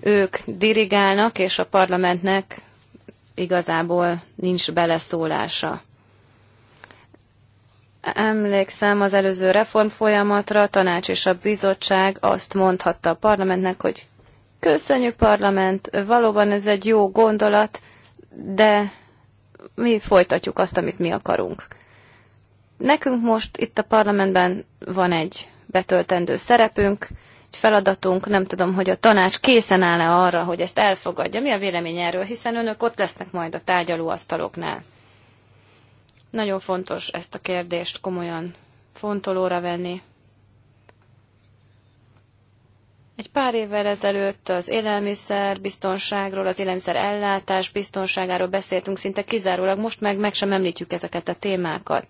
ők dirigálnak, és a parlamentnek igazából nincs beleszólása emlékszem az előző reformfolyamatra, a tanács és a bizottság azt mondhatta a parlamentnek, hogy köszönjük parlament, valóban ez egy jó gondolat, de mi folytatjuk azt, amit mi akarunk. Nekünk most itt a parlamentben van egy betöltendő szerepünk, egy feladatunk, nem tudom, hogy a tanács készen áll-e arra, hogy ezt elfogadja. Mi a vélemény erről, hiszen önök ott lesznek majd a tárgyalóasztaloknál. Nagyon fontos ezt a kérdést komolyan fontolóra venni. Egy pár évvel ezelőtt az élelmiszer biztonságról, az élelmiszer ellátás biztonságáról beszéltünk szinte kizárólag, most meg meg sem említjük ezeket a témákat.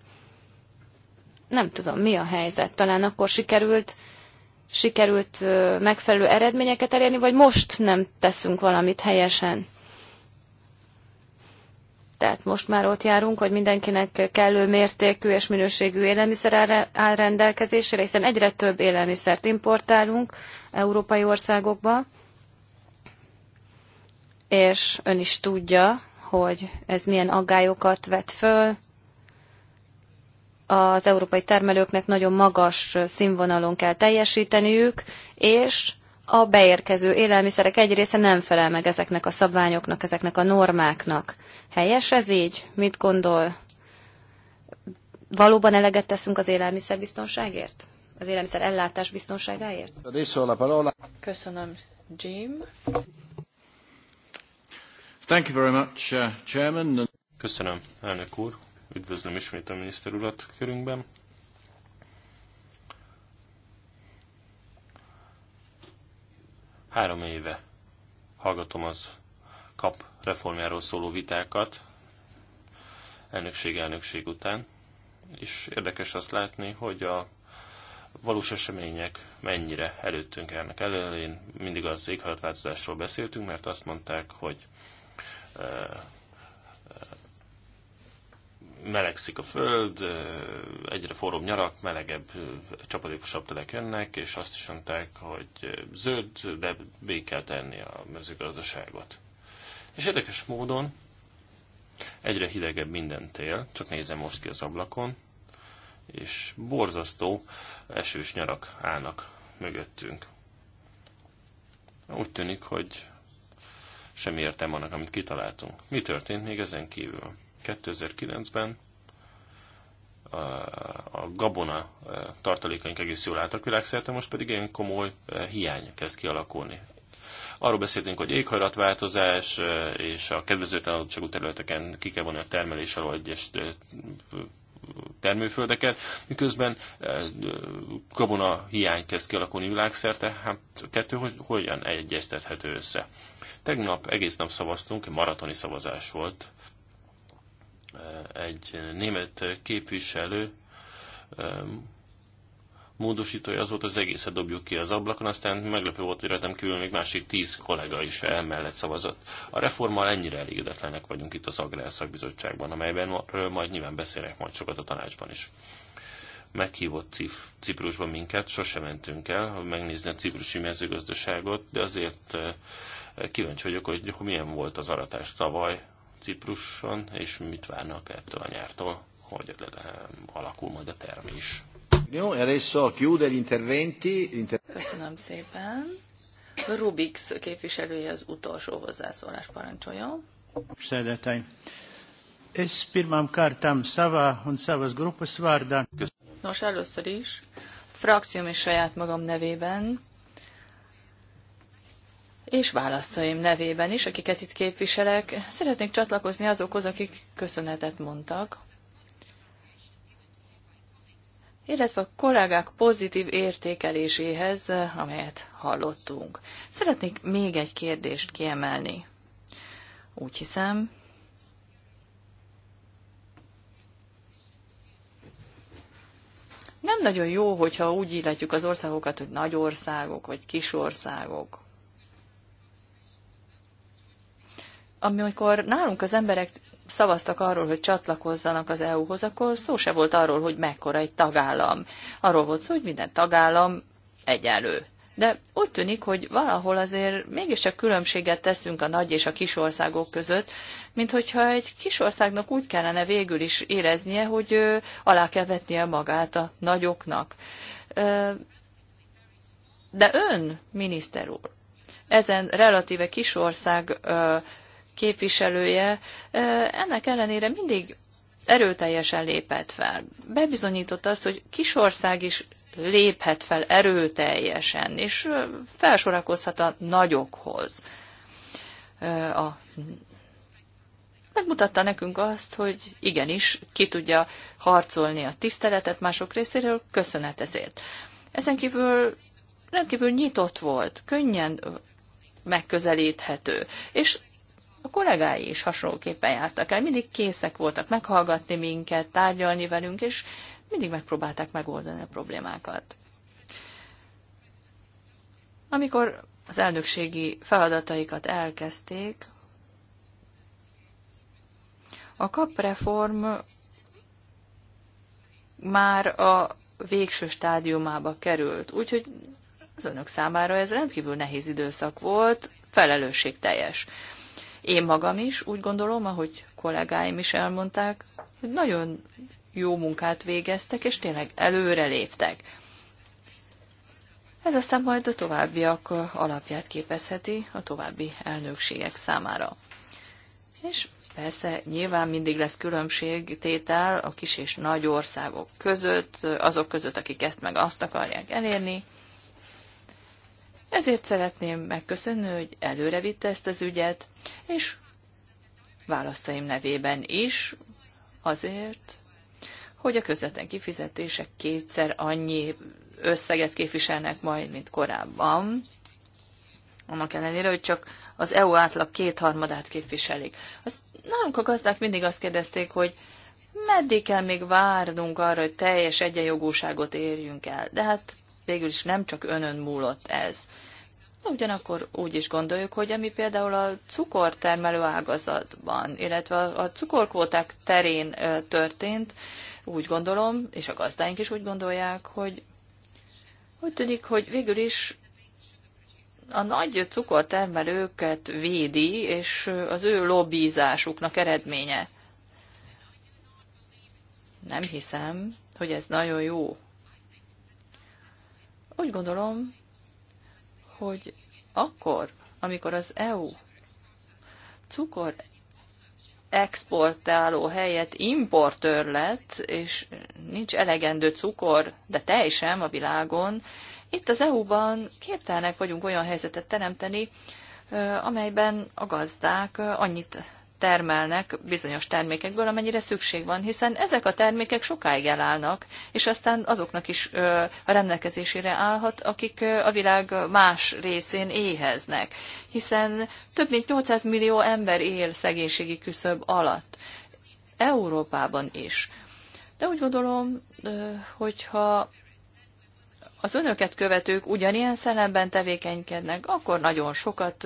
Nem tudom, mi a helyzet. Talán akkor sikerült, sikerült megfelelő eredményeket elérni, vagy most nem teszünk valamit helyesen. Tehát most már ott járunk, hogy mindenkinek kellő mértékű és minőségű élelmiszer áll rendelkezésére, hiszen egyre több élelmiszert importálunk európai országokba, és ön is tudja, hogy ez milyen aggályokat vet föl. Az európai termelőknek nagyon magas színvonalon kell teljesíteniük, és a beérkező élelmiszerek egy része nem felel meg ezeknek a szabványoknak, ezeknek a normáknak. Helyes ez így? Mit gondol? Valóban eleget teszünk az élelmiszerbiztonságért? Az élelmiszer ellátás biztonságáért? Köszönöm, Jim. Thank you very much, uh, Chairman. Köszönöm, elnök úr. Üdvözlöm ismét a miniszter urat körünkben. Három éve hallgatom az kap reformjáról szóló vitákat, elnökség elnökség után, és érdekes azt látni, hogy a valós események mennyire előttünk elnek elő. Én mindig az éghajlatváltozásról beszéltünk, mert azt mondták, hogy melegszik a föld, egyre forróbb nyarak, melegebb, csapadékosabb telek jönnek, és azt is mondták, hogy zöld, de bé kell tenni a mezőgazdaságot. És érdekes módon egyre hidegebb minden tél, csak nézem most ki az ablakon, és borzasztó esős nyarak állnak mögöttünk. Úgy tűnik, hogy sem értem annak, amit kitaláltunk. Mi történt még ezen kívül? 2009-ben a gabona e, tartalékaink egész jól álltak világszerte, most pedig ilyen komoly e, hiány kezd kialakulni. Arról beszéltünk, hogy éghajlatváltozás e, és a kedvezőtlen adottságú területeken ki kell vonni a termelés alól egyes termőföldeket, miközben gabona hiány kezd kialakulni világszerte, hát kettő hogy hogyan egyeztethető össze. Tegnap egész nap szavaztunk, maratoni szavazás volt, egy német képviselő módosítója az volt, az egészet dobjuk ki az ablakon, aztán meglepő volt, hogy rajtam kívül még másik tíz kollega is emellett szavazott. A reformmal ennyire elégedetlenek vagyunk itt az Agrár Szakbizottságban, amelyben majd nyilván beszélek majd sokat a tanácsban is. Meghívott Cif, Ciprusba minket, sose mentünk el megnézni a ciprusi mezőgazdaságot, de azért kíváncsi vagyok, hogy milyen volt az aratás tavaly, Cipruson, és mit várnak ettől a nyártól, hogy alakul majd a termés. Köszönöm szépen. Rubix képviselője az utolsó hozzászólás parancsoljon. Sēdētāji, es pirmām kārtām savā szava savas Grupos vārdā. Nos, először is frakcióm és saját magam nevében és választóim nevében is, akiket itt képviselek, szeretnék csatlakozni azokhoz, akik köszönetet mondtak, illetve a kollégák pozitív értékeléséhez, amelyet hallottunk. Szeretnék még egy kérdést kiemelni. Úgy hiszem, nem nagyon jó, hogyha úgy illetjük az országokat, hogy nagy országok vagy kis országok. amikor nálunk az emberek szavaztak arról, hogy csatlakozzanak az EU-hoz, akkor szó se volt arról, hogy mekkora egy tagállam. Arról volt szó, hogy minden tagállam egyenlő. De úgy tűnik, hogy valahol azért mégiscsak különbséget teszünk a nagy és a kis országok között, mint hogyha egy kis országnak úgy kellene végül is éreznie, hogy ö, alá kell vetnie magát a nagyoknak. de ön, miniszter úr, ezen relatíve kis ország képviselője ennek ellenére mindig erőteljesen lépett fel. Bebizonyította azt, hogy kisország is léphet fel erőteljesen, és felsorakozhat a nagyokhoz. A megmutatta nekünk azt, hogy igenis ki tudja harcolni a tiszteletet mások részéről, köszönet ezért. Ezen kívül rendkívül nyitott volt, könnyen megközelíthető, és a kollégái is hasonlóképpen jártak el, mindig készek voltak meghallgatni minket, tárgyalni velünk, és mindig megpróbálták megoldani a problémákat. Amikor az elnökségi feladataikat elkezdték, a kapreform már a végső stádiumába került, úgyhogy az önök számára ez rendkívül nehéz időszak volt, felelősségteljes. teljes én magam is úgy gondolom, ahogy kollégáim is elmondták, hogy nagyon jó munkát végeztek, és tényleg előre léptek. Ez aztán majd a továbbiak alapját képezheti a további elnökségek számára. És persze nyilván mindig lesz különbség tétel a kis és nagy országok között, azok között, akik ezt meg azt akarják elérni, ezért szeretném megköszönni, hogy előre vitte ezt az ügyet, és választaim nevében is, azért, hogy a közvetlen kifizetések kétszer annyi összeget képviselnek majd, mint korábban. Annak ellenére, hogy csak az EU átlag kétharmadát képviselik. Az, nálunk a gazdák mindig azt kérdezték, hogy meddig kell még várnunk arra, hogy teljes egyenjogúságot érjünk el. De hát végül is nem csak önön múlott ez. Ugyanakkor úgy is gondoljuk, hogy ami például a cukortermelő ágazatban, illetve a cukorkvóták terén történt, úgy gondolom, és a gazdáink is úgy gondolják, hogy úgy tűnik, hogy végül is a nagy cukortermelőket védi, és az ő lobbizásuknak eredménye. Nem hiszem, hogy ez nagyon jó úgy gondolom, hogy akkor, amikor az EU cukor exportáló helyett importőr lett, és nincs elegendő cukor, de teljesen a világon, itt az EU-ban képtelnek vagyunk olyan helyzetet teremteni, amelyben a gazdák annyit termelnek bizonyos termékekből, amennyire szükség van, hiszen ezek a termékek sokáig elállnak, és aztán azoknak is a rendelkezésére állhat, akik a világ más részén éheznek, hiszen több mint 800 millió ember él szegénységi küszöb alatt, Európában is. De úgy gondolom, hogyha az önöket követők ugyanilyen szellemben tevékenykednek, akkor nagyon sokat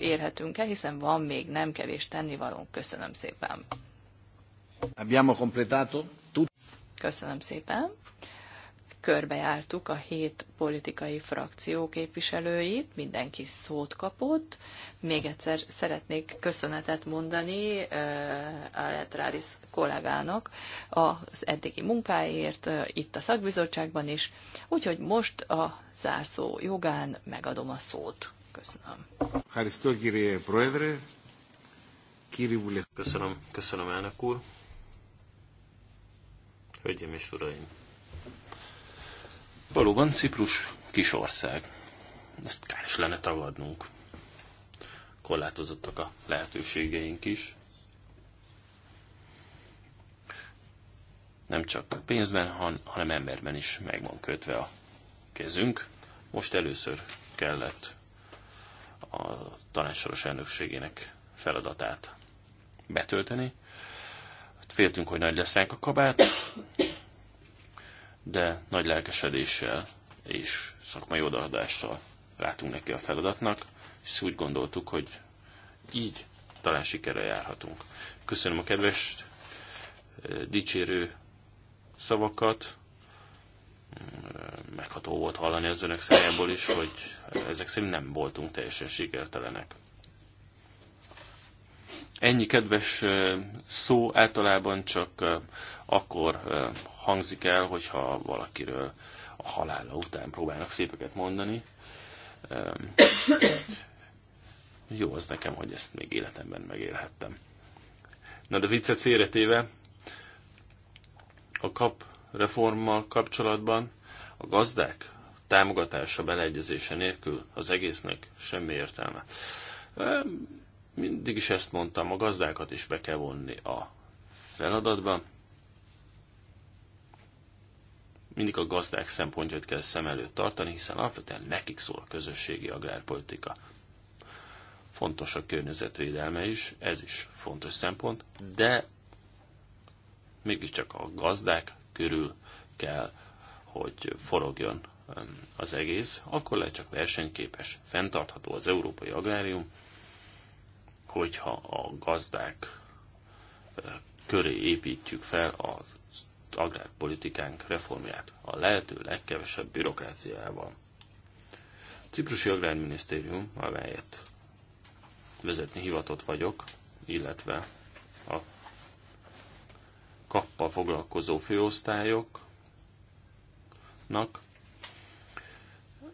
érhetünk el, hiszen van még nem kevés tennivalónk. Köszönöm szépen. Köszönöm szépen körbejártuk a hét politikai frakció képviselőit, mindenki szót kapott. Még egyszer szeretnék köszönetet mondani Aletrális kollégának az eddigi munkáért itt a szakbizottságban is, úgyhogy most a zárszó jogán megadom a szót. Köszönöm. Köszönöm, köszönöm elnök úr. Hölgyeim és uraim! Valóban Ciprus kis ország. Ezt kár is lenne tagadnunk. Korlátozottak a lehetőségeink is. Nem csak pénzben, han hanem emberben is meg van kötve a kezünk. Most először kellett a tanácsoros elnökségének feladatát betölteni. Féltünk, hogy nagy lesz ránk a kabát, de nagy lelkesedéssel és szakmai odaadással látunk neki a feladatnak, és úgy gondoltuk, hogy így talán sikerre járhatunk. Köszönöm a kedves eh, dicsérő szavakat, mm, megható volt hallani az önök szájából is, hogy ezek szerint nem voltunk teljesen sikertelenek. Ennyi kedves eh, szó általában csak eh, akkor hangzik el, hogyha valakiről a halála után próbálnak szépeket mondani. Jó az nekem, hogy ezt még életemben megélhettem. Na de viccet félretéve, a kap reformmal kapcsolatban a gazdák támogatása, beleegyezése nélkül az egésznek semmi értelme. Mindig is ezt mondtam, a gazdákat is be kell vonni a feladatba mindig a gazdák szempontjait kell szem előtt tartani, hiszen alapvetően nekik szól a közösségi agrárpolitika. Fontos a környezetvédelme is, ez is fontos szempont, de mégiscsak a gazdák körül kell, hogy forogjon az egész, akkor lehet csak versenyképes, fenntartható az európai agrárium, hogyha a gazdák köré építjük fel az agrárpolitikánk reformját a lehető legkevesebb bürokráciával. A Ciprusi Agrárminisztérium, amelyet vezetni hivatott vagyok, illetve a Kappa foglalkozó főosztályoknak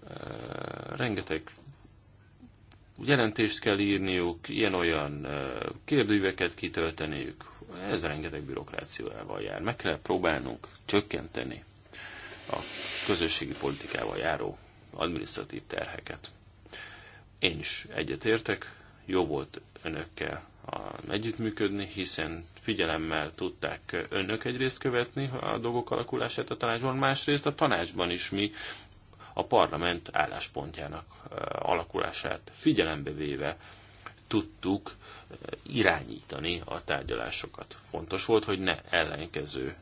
eh, rengeteg jelentést kell írniuk, ilyen-olyan eh, kérdőíveket kitölteniük, ez rengeteg bürokráciával jár. Meg kell próbálnunk csökkenteni a közösségi politikával járó administratív terheket. Én is egyetértek, jó volt önökkel együttműködni, hiszen figyelemmel tudták önök egyrészt követni a dolgok alakulását a tanácsban, másrészt a tanácsban is mi a parlament álláspontjának alakulását figyelembe véve tudtuk irányítani a tárgyalásokat. Fontos volt, hogy ne ellenkező,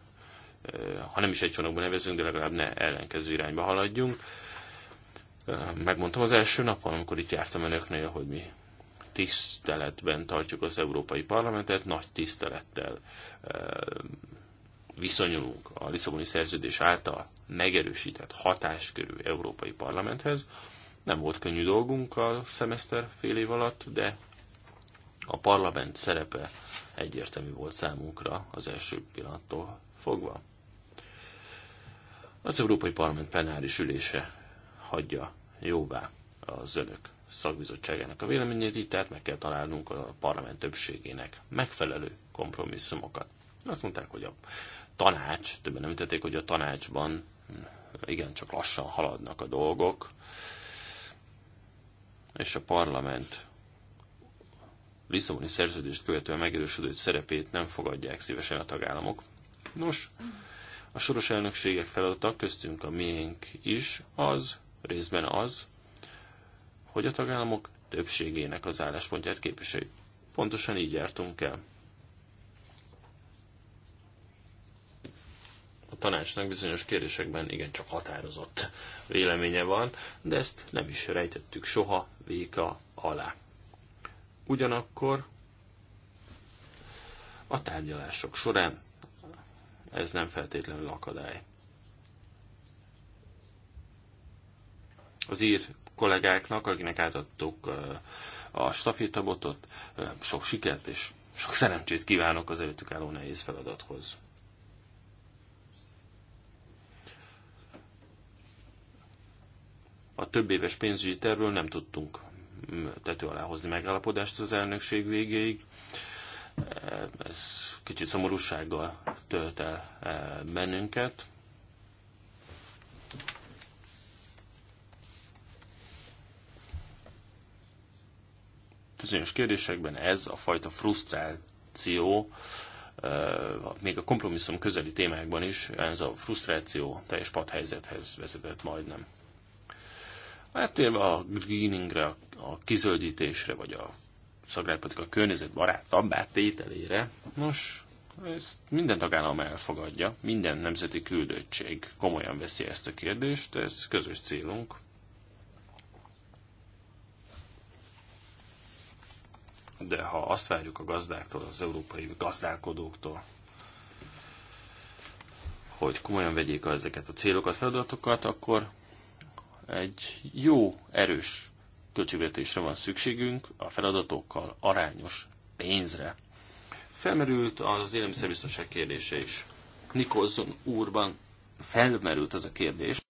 eh, ha nem is egy csónakban nevezünk, de legalább ne ellenkező irányba haladjunk. Eh, megmondtam az első napon, amikor itt jártam önöknél, hogy mi tiszteletben tartjuk az Európai Parlamentet, nagy tisztelettel eh, viszonyulunk a Lisszaboni szerződés által megerősített hatáskörű Európai Parlamenthez. Nem volt könnyű dolgunk a szemeszter fél év alatt, de a parlament szerepe egyértelmű volt számunkra az első pillanattól fogva. Az Európai Parlament plenáris ülése hagyja jóvá az önök szakbizottságának a véleményét, így tehát meg kell találnunk a parlament többségének megfelelő kompromisszumokat. Azt mondták, hogy a tanács, többen említették, hogy a tanácsban hm, igen, csak lassan haladnak a dolgok, és a parlament Lisszaboni szerződést követően megerősödött szerepét nem fogadják szívesen a tagállamok. Nos, a soros elnökségek feladata, köztünk a miénk is, az, részben az, hogy a tagállamok többségének az álláspontját képviseljük. Pontosan így jártunk el. A tanácsnak bizonyos kérdésekben igen csak határozott véleménye van, de ezt nem is rejtettük soha véka alá. Ugyanakkor a tárgyalások során ez nem feltétlenül akadály. Az ír kollégáknak, akinek átadtuk a stafétabotot, sok sikert és sok szerencsét kívánok az előttük álló nehéz feladathoz. A több éves pénzügyi tervről nem tudtunk tető alá hozni megállapodást az elnökség végéig. Ez kicsit szomorúsággal tölt el e, bennünket. Bizonyos kérdésekben ez a fajta frusztráció, e, még a kompromisszum közeli témákban is ez a frusztráció teljes padhelyzethez vezetett majdnem. Áttérve a greeningre, a kizöldítésre, vagy a környezet barátabbá tételére, nos, ezt minden tagállam elfogadja, minden nemzeti küldöttség komolyan veszi ezt a kérdést, ez közös célunk. De ha azt várjuk a gazdáktól, az európai gazdálkodóktól, hogy komolyan vegyék ezeket a célokat, feladatokat, akkor egy jó, erős költségvetésre van szükségünk, a feladatokkal arányos pénzre. Felmerült az élelmiszerbiztonság kérdése is. Nikolson úrban felmerült az a kérdés,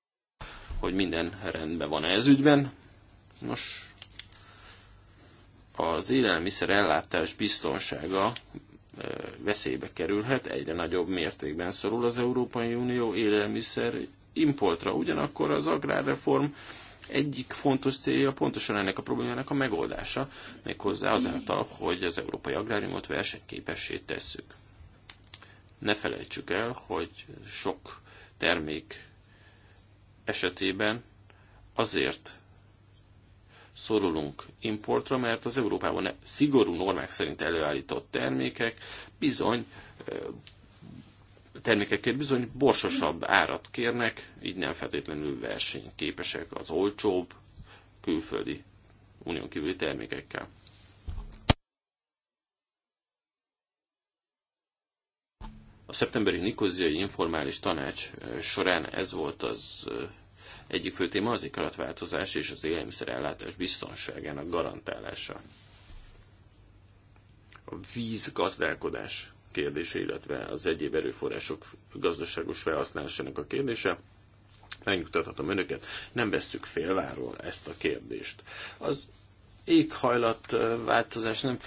hogy minden rendben van ez ügyben. Nos, az élelmiszer ellátás biztonsága veszélybe kerülhet, egyre nagyobb mértékben szorul az Európai Unió élelmiszer importra. Ugyanakkor az agrárreform egyik fontos célja pontosan ennek a problémának a megoldása, méghozzá azáltal, hogy az európai agráriumot versenyképessé tesszük. Ne felejtsük el, hogy sok termék esetében azért szorulunk importra, mert az Európában szigorú normák szerint előállított termékek bizony termékekért bizony borsosabb árat kérnek, így nem feltétlenül versenyképesek az olcsóbb külföldi unión kívüli termékekkel. A szeptemberi Nikoziai Informális Tanács során ez volt az egyik fő téma az éghajlatváltozás és az élelmiszerellátás biztonságának garantálása. A vízgazdálkodás kérdése, illetve az egyéb erőforrások gazdaságos felhasználásának a kérdése. Megnyugtathatom önöket, nem vesszük félváról ezt a kérdést. Az éghajlat változás nem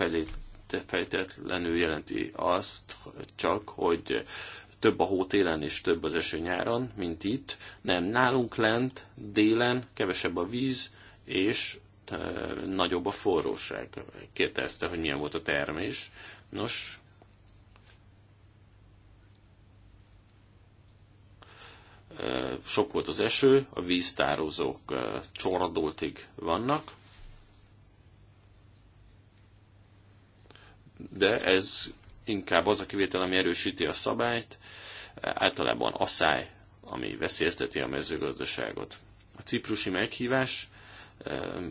fejtetlenül jelenti azt csak, hogy több a hó télen és több az eső nyáron, mint itt. Nem, nálunk lent, délen kevesebb a víz, és nagyobb a forróság. Kérdezte, hogy milyen volt a termés. Nos, sok volt az eső, a víztározók csoradoltig vannak, de ez inkább az a kivétel, ami erősíti a szabályt, általában asszály, ami veszélyezteti a mezőgazdaságot. A ciprusi meghívás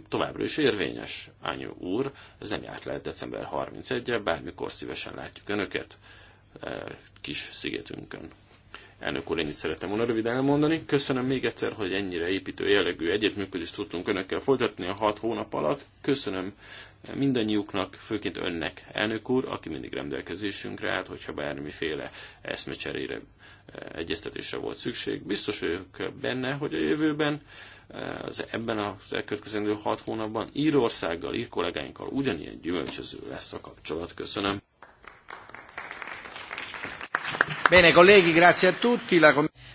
továbbra is érvényes, Ányú úr, ez nem járt le december 31-e, bármikor szívesen látjuk Önöket kis szigetünkön. Elnök úr, ennyit szeretem volna röviden elmondani. Köszönöm még egyszer, hogy ennyire építő jellegű együttműködést tudtunk önökkel folytatni a hat hónap alatt. Köszönöm mindannyiuknak, főként önnek, elnök úr, aki mindig rendelkezésünkre állt, hogyha bármiféle eszmecserére, eh, egyeztetésre volt szükség. Biztos vagyok benne, hogy a jövőben, eh, az ebben az elkövetkezendő hat hónapban Írországgal, ír kollégáinkkal ugyanilyen gyümölcsöző lesz a kapcsolat. Köszönöm. Bene, colleghi, grazie a tutti. La...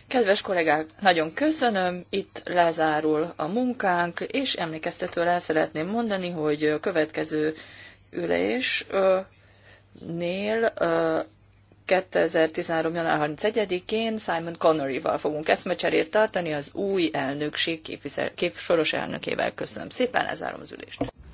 Kedves kollégák, nagyon köszönöm, itt lezárul a munkánk, és emlékeztetőre el szeretném mondani, hogy a következő ülésnél 2013. január 31-én Simon Connery-val fogunk eszmecserét tartani az új elnökség képvisel, kép, soros elnökével. Köszönöm szépen, lezárom az ülést.